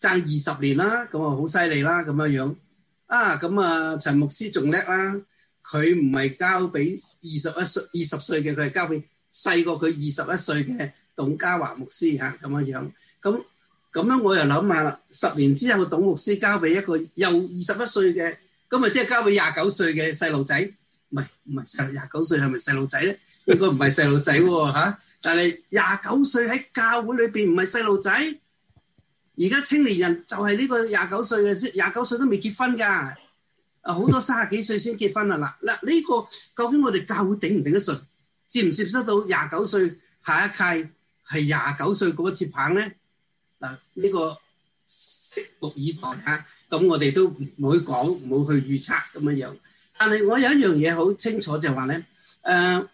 爭二十年啦，咁啊好犀利啦，咁樣樣啊！咁啊陳牧師仲叻啦，佢唔係交俾二十一歲二十歲嘅，佢係交俾細過佢二十一歲嘅董家驊牧師嚇，咁樣樣。咁咁樣我又諗下，十年之後董牧師交俾一個又二十一歲嘅，咁啊即係交俾廿九歲嘅細路仔，唔係唔係細廿九歲係咪細路仔咧？呢個唔係細路仔喎嚇，但係廿九歲喺教會裏邊唔係細路仔。而家青年人就係呢個廿九歲嘅先，廿九歲都未結婚㗎。啊，好多卅幾歲先結婚啊！嗱嗱，呢個究竟我哋教會頂唔頂得順，接唔接收到廿九歲下一屆係廿九歲嗰個接棒咧？嗱，呢個拭目以待啊！咁我哋都唔好講，唔好去預測咁樣樣。但係我有一樣嘢好清楚就係話咧，誒。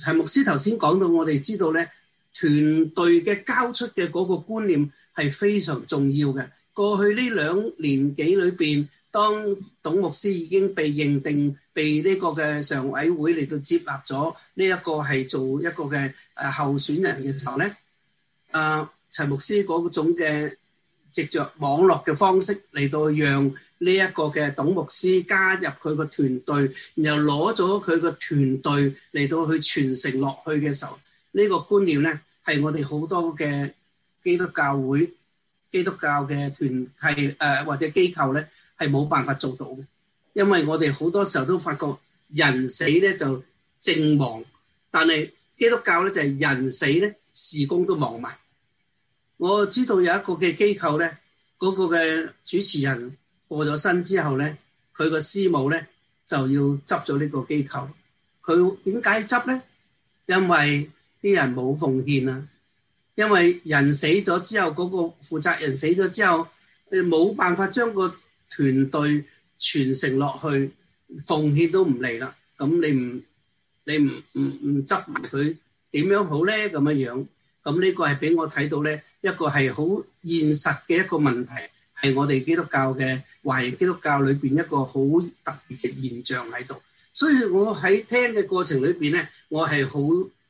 陳牧師頭先講到，我哋知道咧，團隊嘅交出嘅嗰個觀念係非常重要嘅。過去呢兩年幾裏邊，當董牧師已經被認定、被呢個嘅常委會嚟到接納咗呢一個係做一個嘅誒候選人嘅時候咧，誒、呃、陳牧師嗰種嘅藉着網絡嘅方式嚟到讓呢一個嘅董牧師加入佢個團隊，然後攞咗佢個團隊嚟到去傳承落去嘅時候，呢個觀念咧係我哋好多嘅基督教會、基督教嘅團係誒或者機構咧係冇辦法做到嘅，因為我哋好多時候都發覺人死咧就政亡，但係基督教咧就係人死咧事工都亡埋。我知道有一個嘅機構咧，嗰個嘅主持人。過咗身之後咧，佢個師母咧就要執咗呢個機構。佢點解執咧？因為啲人冇奉獻啊！因為人死咗之後，嗰個負責人死咗之後，誒冇辦法將個團隊傳承落去，奉獻都唔嚟啦。咁你唔你唔唔唔執佢點樣好咧？咁樣樣，咁呢個係俾我睇到咧，一個係好現實嘅一個問題，係我哋基督教嘅。華人基督教裏邊一個好特別嘅現象喺度，所以我喺聽嘅過程裏邊咧，我係好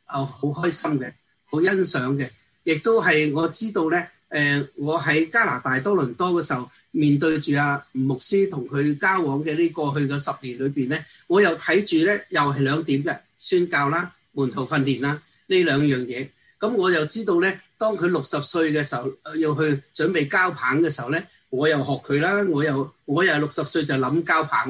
啊好開心嘅，好欣賞嘅，亦都係我知道咧，誒，我喺加拿大多倫多嘅時候，面對住阿吳牧、牧師同佢交往嘅呢過去嘅十年裏邊咧，我又睇住咧，又係兩點嘅宣教啦、門徒訓練啦呢兩樣嘢，咁我又知道咧，當佢六十歲嘅時候要去準備交棒嘅時候咧。我又學佢啦，我又我又六十歲就諗交棒，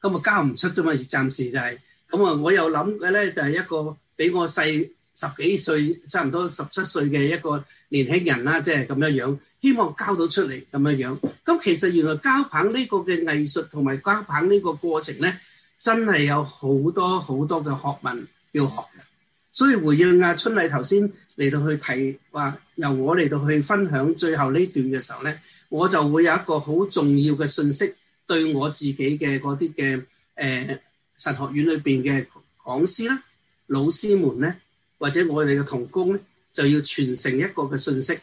咁啊交唔出啫嘛，暫時就係咁啊。我又諗嘅咧就係一個比我細十幾歲，差唔多十七歲嘅一個年輕人啦，即係咁樣樣，希望交到出嚟咁樣樣。咁其實原來交棒呢個嘅藝術同埋交棒呢個過程咧，真係有好多好多嘅學問要學嘅。所以回應阿春麗頭先嚟到去提話，由我嚟到去分享最後呢段嘅時候咧。我就會有一個好重要嘅信息，對我自己嘅嗰啲嘅誒神學院裏邊嘅講師啦、老師們咧，或者我哋嘅同工咧，就要傳承一個嘅信息，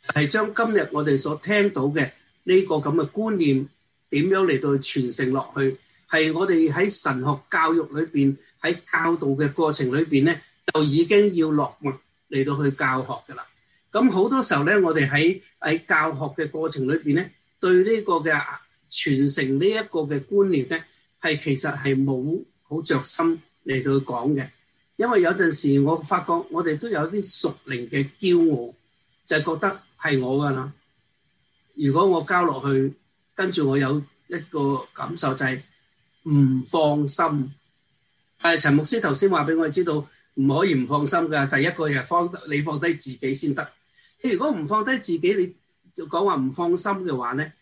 就係、是、將今日我哋所聽到嘅呢個咁嘅觀念點樣嚟到傳承落去，係我哋喺神學教育裏邊喺教導嘅過程裏邊咧，就已經要落墨嚟到去教學㗎啦。咁好多時候咧，我哋喺喺教學嘅過程裏邊咧，對呢個嘅傳承呢一個嘅觀念咧，係其實係冇好着心嚟到講嘅。因為有陣時我發覺我哋都有啲熟齡嘅驕傲，就係、是、覺得係我㗎啦。如果我交落去，跟住我有一個感受就係唔放心。誒、呃，陳牧師頭先話俾我哋知道，唔可以唔放心㗎。第、就是、一個就放你放低自己先得。你如果唔放低自己，你就講話唔放心嘅話咧，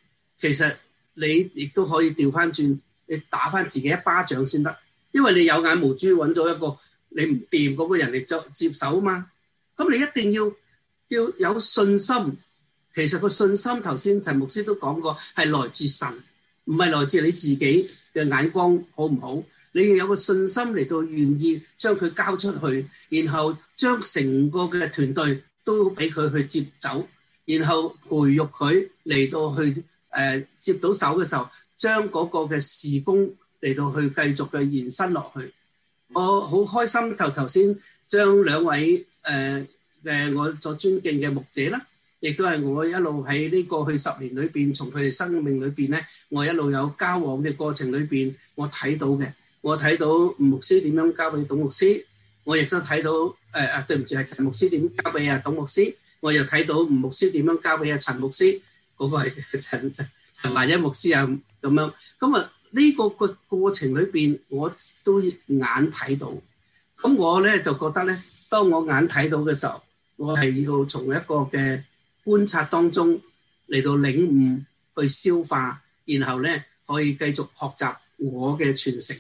其實你亦都可以調翻轉，你打翻自己一巴掌先得，因為你有眼無珠揾到一個你唔掂嗰個人嚟，接接手啊嘛，咁你一定要要有信心。其實個信心，頭先陳牧師都講過，係來自神，唔係來自你自己嘅眼光好唔好。你要有個信心嚟到願意將佢交出去，然後將成個嘅團隊。都俾佢去接走，然後培育佢嚟到去誒、呃、接到手嘅時候，將嗰個嘅事工嚟到去繼續嘅延伸落去。我好開心，頭頭先將兩位誒誒、呃、我所尊敬嘅牧者啦，亦都係我一路喺呢過去十年裏邊，從佢哋生命裏邊咧，我一路有交往嘅過程裏邊，我睇到嘅，我睇到牧師點樣交俾董牧師，我亦都睇到。誒誒，對唔住，係陳牧師點交俾啊董牧師，我又睇到吳牧師點樣交俾阿陳牧師，嗰個係陳陳萬一牧師啊咁樣。咁啊，呢個個過程裏邊，我都眼睇到。咁我咧就覺得咧，當我眼睇到嘅時候，我係要從一個嘅觀察當中嚟到領悟、去消化，然後咧可以繼續學習我嘅傳承。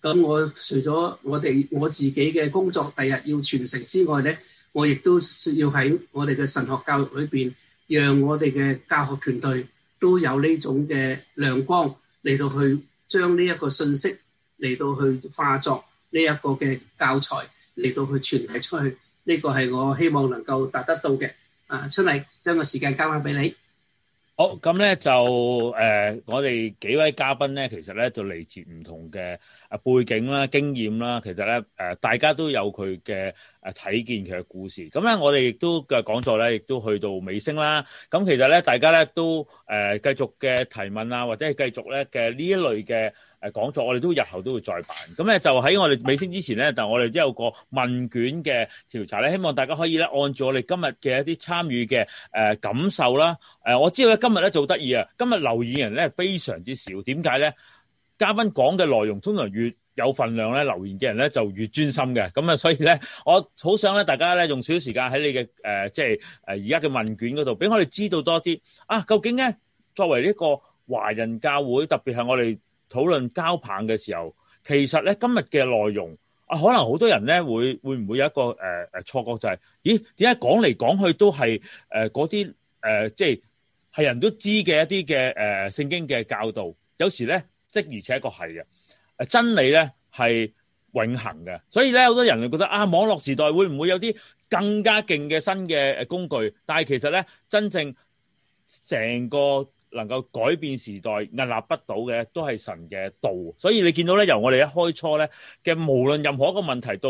咁我除咗我哋我自己嘅工作第日要傳承之外咧，我亦都要喺我哋嘅神學教育裏邊，讓我哋嘅教學團隊都有呢種嘅亮光嚟到去將呢一個信息嚟到去化作呢一個嘅教材嚟到去傳遞出去。呢個係我希望能夠達得到嘅。啊，出嚟，將個時間交翻俾你。好，咁咧就誒、呃，我哋幾位嘉賓咧，其實咧就嚟自唔同嘅誒背景啦、經驗啦，其實咧、呃、大家都有佢嘅。睇見佢嘅故事，咁咧我哋亦都嘅講座咧，亦都去到尾聲啦。咁其實咧，大家咧都誒、呃、繼續嘅提問啊，或者係繼續咧嘅呢一類嘅誒講座，我哋都日後都會再辦。咁咧就喺我哋尾聲之前咧，就我哋都有個問卷嘅調查咧，希望大家可以咧按照我哋今日嘅一啲參與嘅誒感受啦。誒、呃、我知道咧今日咧做得意啊，今日留言人咧非常之少，點解咧？嘉賓講嘅內容通常越有份量咧留言嘅人咧就越專心嘅，咁啊，所以咧，我好想咧，大家咧用少少時間喺你嘅誒，即係誒而家嘅問卷嗰度，俾我哋知道多啲啊，究竟咧作為呢個華人教會，特別係我哋討論交棒嘅時候，其實咧今日嘅內容啊，可能好多人咧會會唔會有一個誒誒錯覺，就係咦點解講嚟講去都係誒嗰啲誒，即係係人都知嘅一啲嘅誒聖經嘅教導，有時咧即而且個係嘅。真理咧係永恆嘅，所以咧好多人就覺得啊，網絡時代會唔會有啲更加勁嘅新嘅工具？但係其實咧，真正成個能夠改變時代屹立不倒嘅，都係神嘅道。所以你見到咧，由我哋一開初咧嘅無論任何一個問題到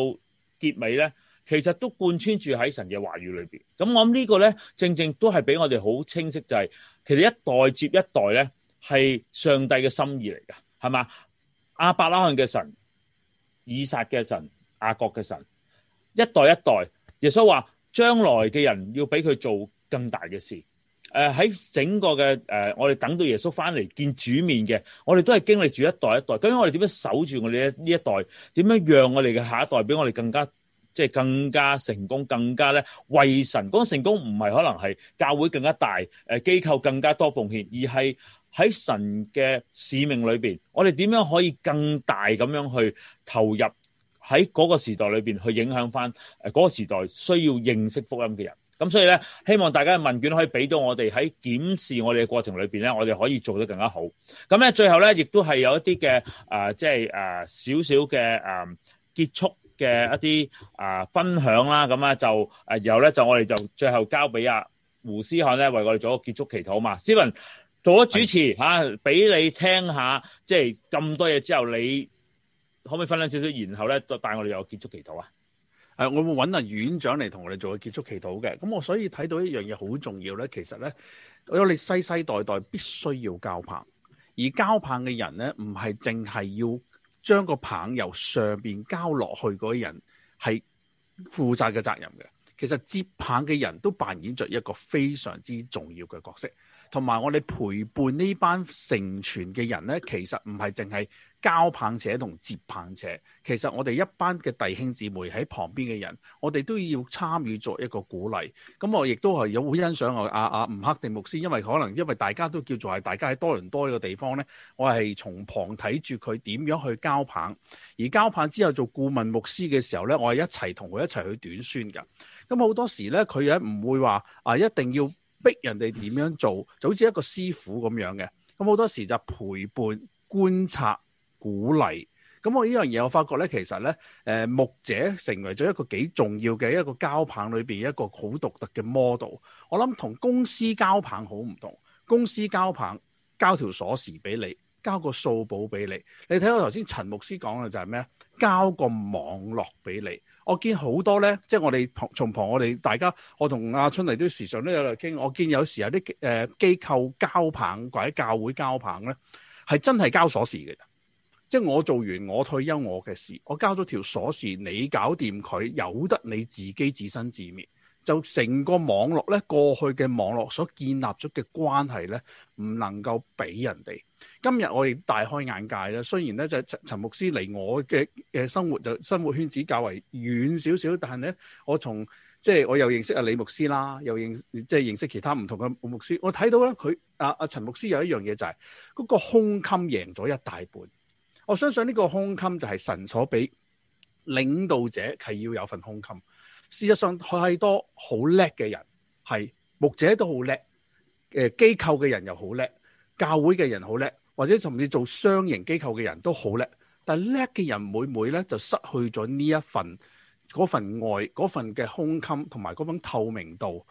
結尾咧，其實都貫穿住喺神嘅話語裏面。咁我諗呢個咧，正正都係俾我哋好清晰，就係、是、其實一代接一代咧，係上帝嘅心意嚟噶，係嘛？亞伯拉罕嘅神，以撒嘅神，雅各嘅神，一代一代。耶穌話將來嘅人要俾佢做更大嘅事。誒，喺整個嘅誒，我哋等到耶穌翻嚟見主面嘅，我哋都係經歷住一代一代。究竟我哋點樣守住我哋呢一代？點樣讓我哋嘅下一代比我哋更加？即係更加成功，更加咧為神講、嗰個、成功，唔係可能係教會更加大，誒機構更加多奉獻，而係喺神嘅使命裏邊，我哋點樣可以更大咁樣去投入喺嗰個時代裏邊，去影響翻誒嗰個時代需要認識福音嘅人。咁所以咧，希望大家嘅問卷可以俾到我哋喺檢視我哋嘅過程裏邊咧，我哋可以做得更加好。咁咧，最後咧，亦都係有一啲嘅誒，即係誒少少嘅誒結束。嘅一啲啊分享啦，咁啊，就，然後咧就我哋就最後交俾阿胡思翰咧，為我哋做個結束祈禱嘛。Stephen 做咗主持吓，俾是、啊、你聽下，即係咁多嘢之後，你可唔可以分享少少？然後咧，就帶我哋有個結束祈禱啊！我會揾阿院長嚟同我哋做個結束祈禱嘅。咁我所以睇到一樣嘢好重要咧，其實咧，我哋世世代代必須要交棒，而交棒嘅人咧，唔係淨係要。將個棒由上邊交落去嗰啲人係負責嘅責任嘅，其實接棒嘅人都扮演着一個非常之重要嘅角色，同埋我哋陪伴呢班成全嘅人呢，其實唔係淨係。交棒者同接棒者，其實我哋一班嘅弟兄姊妹喺旁邊嘅人，我哋都要參與作一個鼓勵。咁我亦都係有好欣賞我阿阿、啊啊、吳克定牧師，因為可能因為大家都叫做係大家喺多倫多呢個地方呢，我係從旁睇住佢點樣去交棒，而交棒之後做顧問牧師嘅時候呢，我係一齊同佢一齊去短宣㗎。咁好多時呢，佢又唔會話啊一定要逼人哋點樣做，就好似一個師傅咁樣嘅。咁好多時就陪伴觀察。鼓勵咁，我呢樣嘢，我發覺咧，其實咧，誒，牧者成為咗一個幾重要嘅一個交棒裏邊一個好獨特嘅 model。我諗同公司交棒好唔同，公司交棒交條鎖匙俾你，交個數簿俾你。你睇我頭先陳牧師講嘅就係咩？交個網絡俾你。我見好多咧，即係我哋旁從旁，我哋大家，我同阿春嚟都時常都有嚟傾。我見有時候有啲誒機構交棒或者教會交棒呢真交棒咧，係真係交鎖匙嘅。即係我做完我退休我嘅事，我交咗條鎖匙，你搞掂佢，由得你自己自生自滅，就成個網絡咧。過去嘅網絡所建立咗嘅關係咧，唔能夠俾人哋。今日我哋大開眼界啦。雖然咧就陳陳牧師離我嘅生活就生活圈子較為遠少少，但係咧我從即係我又認識阿李牧師啦，又認即係認識其他唔同嘅牧師。我睇到咧佢阿阿陳牧師有一樣嘢就係、是、嗰個胸襟贏咗一大半。我相信呢個胸襟就係神所俾領導者，係要有一份胸襟。事實上，太多好叻嘅人，係牧者都好叻，誒，機構嘅人又好叻，教會嘅人好叻，或者甚至做商營機構嘅人都好叻。但係叻嘅人每每咧就失去咗呢一份，嗰份愛，嗰份嘅胸襟同埋嗰份透明度。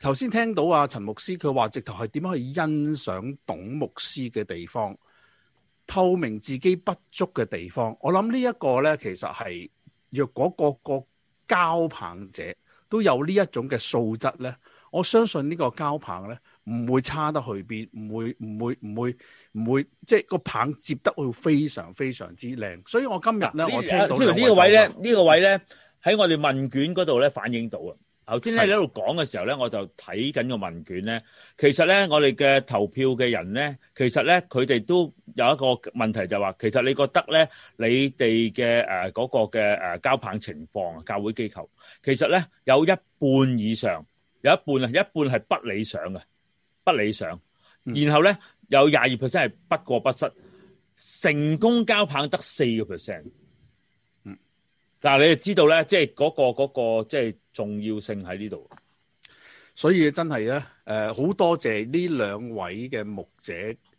頭先聽到阿陳牧師佢話，直頭係點樣去欣賞董牧師嘅地方。透明自己不足嘅地方，我諗呢一個咧，其實係若果個個交棒者都有呢一種嘅素質咧，我相信呢個交棒咧唔會差得去邊，唔會唔會唔會唔會，即係個棒接得會非常非常之靚。所以我今日咧，我聽到呢個位咧，呢個位咧喺我哋問卷嗰度咧反映到啊。頭先咧，你喺度講嘅時候咧，我就睇緊個問卷咧。其實咧，我哋嘅投票嘅人咧，其實咧，佢哋都有一個問題就係話，其實你覺得咧，你哋嘅誒嗰個嘅誒交棒情況啊，教會機構，其實咧有一半以上，有一半啊，一半係不理想嘅，不理想。然後咧，有廿二 percent 係不過不失，成功交棒得四個 percent。但係你哋知道咧，即係嗰個嗰個即係重要性喺呢度，所以真係咧，誒好多謝呢兩位嘅牧者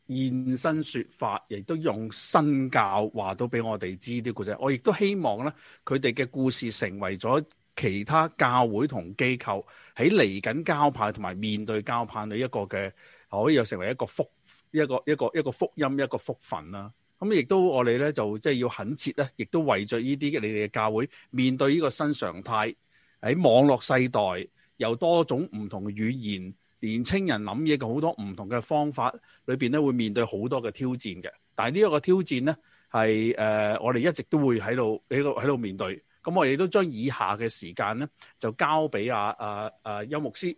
現身說法，亦都用新教話到俾我哋知啲故仔，我亦都希望咧，佢哋嘅故事成為咗其他教會同機構喺嚟緊交棒同埋面對交棒嘅一個嘅，可以又成為一個福一個一個一個福音一個福份啦。咁亦都我哋咧就即、是、係要懇切咧，亦都為著呢啲嘅你哋嘅教會面對呢個新常態喺網絡世代，由多種唔同嘅語言、年青人諗嘢嘅好多唔同嘅方法裏邊咧，會面對好多嘅挑戰嘅。但係呢一個挑戰咧係誒，我哋一直都會喺度喺度喺度面對。咁我哋都將以下嘅時間咧就交俾阿阿阿邱牧師，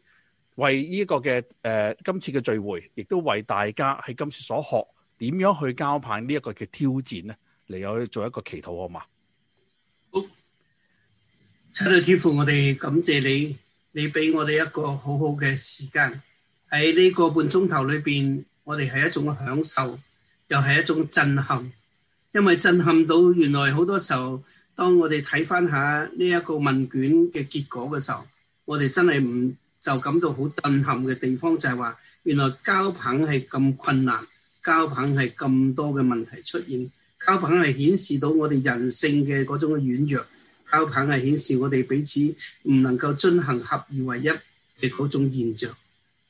為呢個嘅誒、呃、今次嘅聚會，亦都為大家喺今次所學。點樣去交棒呢一個嘅挑戰咧？嚟，有去做一個祈禱啊嘛？好，好，七歲天父，我哋感謝你，你俾我哋一個好好嘅時間喺呢個半鐘頭裏邊，我哋係一種享受，又係一種震撼，因為震撼到原來好多時候，當我哋睇翻下呢一個問卷嘅結果嘅時候，我哋真係唔就感到好震撼嘅地方就係話，原來交棒係咁困難。交棒係咁多嘅問題出現，交棒係顯示到我哋人性嘅嗰種軟弱，交棒係顯示我哋彼此唔能夠進行合二為一嘅嗰種現象。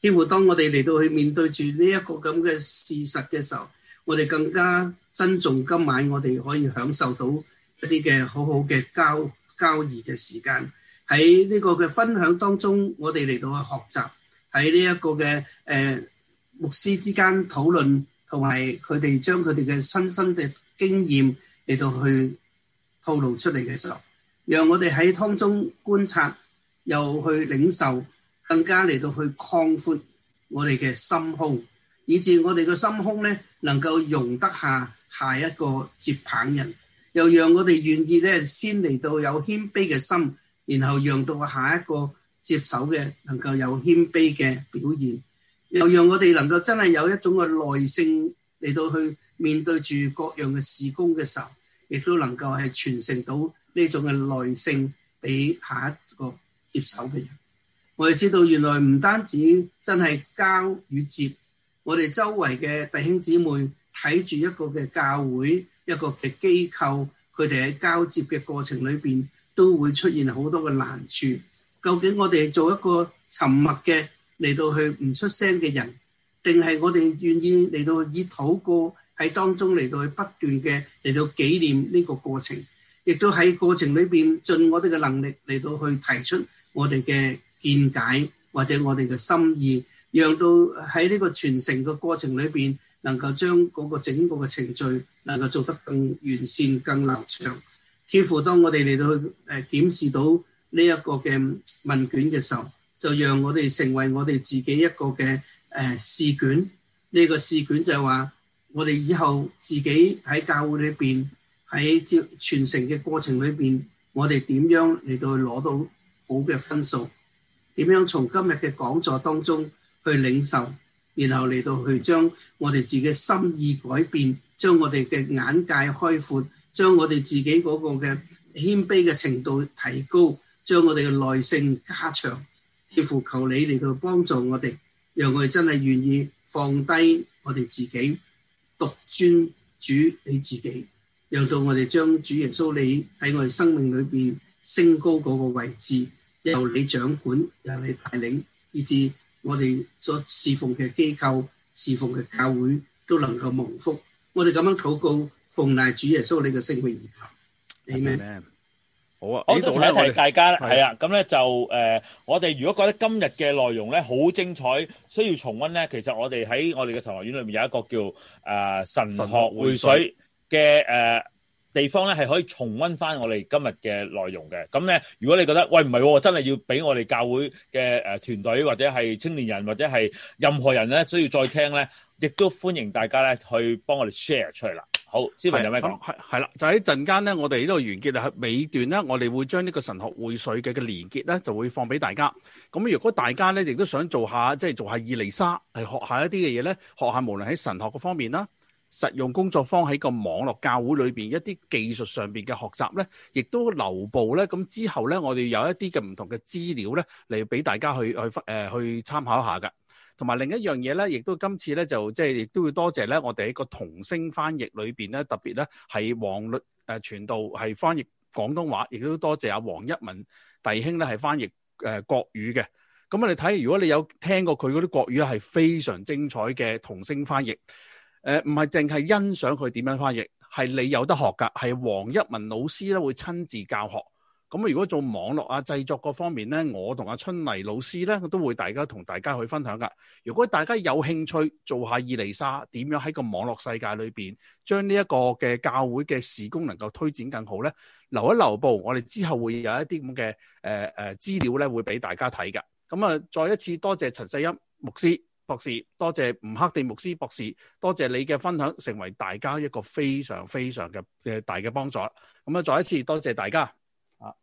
幾乎當我哋嚟到去面對住呢一個咁嘅事實嘅時候，我哋更加珍重今晚我哋可以享受到一啲嘅好好嘅交交易嘅時間。喺呢個嘅分享當中，我哋嚟到去學習喺呢一個嘅誒、呃、牧師之間討論。同埋佢哋將佢哋嘅新生嘅經驗嚟到去透露出嚟嘅時候，讓我哋喺湯中觀察，又去領受，更加嚟到去擴闊我哋嘅心胸，以至我哋嘅心胸咧能夠容得下下一個接棒人，又讓我哋願意咧先嚟到有謙卑嘅心，然後讓到下一個接手嘅能夠有謙卑嘅表現。又讓我哋能夠真係有一種嘅耐性嚟到去面對住各樣嘅事工嘅時候，亦都能夠係傳承到呢種嘅耐性俾下一個接手嘅人。我哋知道原來唔單止真係交與接，我哋周圍嘅弟兄姊妹睇住一個嘅教會、一個嘅機構，佢哋喺交接嘅過程裏邊都會出現好多嘅難處。究竟我哋做一個沉默嘅嚟到去唔出聲嘅人，定係我哋願意嚟到以禱告喺當中嚟到去不斷嘅嚟到紀念呢個過程，亦都喺過程裏邊盡我哋嘅能力嚟到去提出我哋嘅見解或者我哋嘅心意，讓到喺呢個傳承嘅過程裏邊能夠將嗰個整個嘅程序能夠做得更完善、更流暢。幾乎當我哋嚟到去誒檢視到呢一個嘅問卷嘅時候，就讓我哋成為我哋自己一個嘅誒試卷。呢個試卷就係話，我哋以後自己喺教會裏面、喺接傳承嘅過程裏面，我哋點樣嚟到攞到好嘅分數？點樣從今日嘅講座當中去領受，然後嚟到去將我哋自己的心意改變，將我哋嘅眼界開闊，將我哋自己嗰個嘅謙卑嘅程度提高，將我哋嘅耐性加長。祈求求你嚟到幫助我哋，讓我哋真係願意放低我哋自己，獨尊主你自己，讓到我哋將主耶穌你喺我哋生命裏邊升高嗰個位置，由你掌管，由你帶領，以致我哋所侍奉嘅機構、侍奉嘅教會都能夠蒙福。我哋咁樣禱告，奉賴主耶穌你嘅聖名而求。阿門。好啊！我都提一提大家，係啊，咁咧就誒、呃，我哋如果覺得今日嘅內容咧好精彩，需要重溫咧，其實我哋喺我哋嘅神學院裏面有一個叫誒、呃、神學會水嘅誒、呃、地方咧，係可以重溫返我哋今日嘅內容嘅。咁咧，如果你覺得喂唔係，真係要俾我哋教會嘅誒團隊或者係青年人或者係任何人咧，需要再聽咧，亦都歡迎大家咧去幫我哋 share 出嚟啦。好，之後有咩講係係啦，就喺陣間咧，我哋呢個完結係尾段呢，我哋會將呢個神學會水嘅嘅連結咧，就會放俾大家。咁如果大家咧，亦都想做下即係做下義利沙，嚟學一下一啲嘅嘢咧，學下無論喺神學嘅方面啦，實用工作坊喺個網絡教會裏邊一啲技術上邊嘅學習咧，亦都留步咧。咁之後咧，我哋有一啲嘅唔同嘅資料咧，嚟俾大家去去誒、呃、去參考一下嘅。同埋另一樣嘢咧，亦都今次咧就即係亦都要多謝咧，我哋喺個同聲翻譯裏面咧，特別咧係黃律誒、呃、傳道係翻譯廣東話，亦都多謝阿黃一文弟兄咧係翻譯誒、呃、國語嘅。咁我哋睇如果你有聽過佢嗰啲國語係非常精彩嘅同聲翻譯。誒，唔係淨係欣賞佢點樣翻譯，係你有得學㗎，係黃一文老師咧會親自教學。咁如果做網絡啊製作嗰方面呢，我同阿春泥老師呢都會大家同大家去分享噶。如果大家有興趣做下伊麗莎，點樣喺個網絡世界裏邊，將呢一個嘅教會嘅事工能夠推展更好呢？留一留步，我哋之後會有一啲咁嘅誒誒資料呢會俾大家睇嘅。咁啊，再一次多謝陳世欽牧師博士，多謝吳克地牧師博士，多謝你嘅分享，成為大家一個非常非常嘅嘅大嘅幫助。咁啊，再一次多謝大家。啊啊、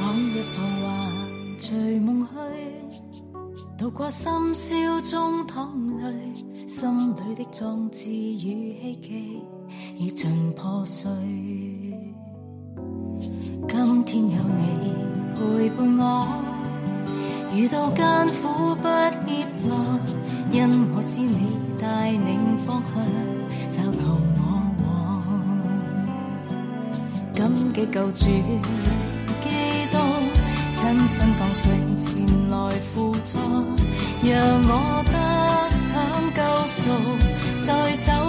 往日繁華隨夢去，度過深宵中淌淚，心裏的壯志與希冀已盡破碎。今天有你陪伴我，遇到艱苦不跌落。因我知你帶領方向，就由我往。感激救主基督，親身降世前來輔助，讓我得享救贖，在就。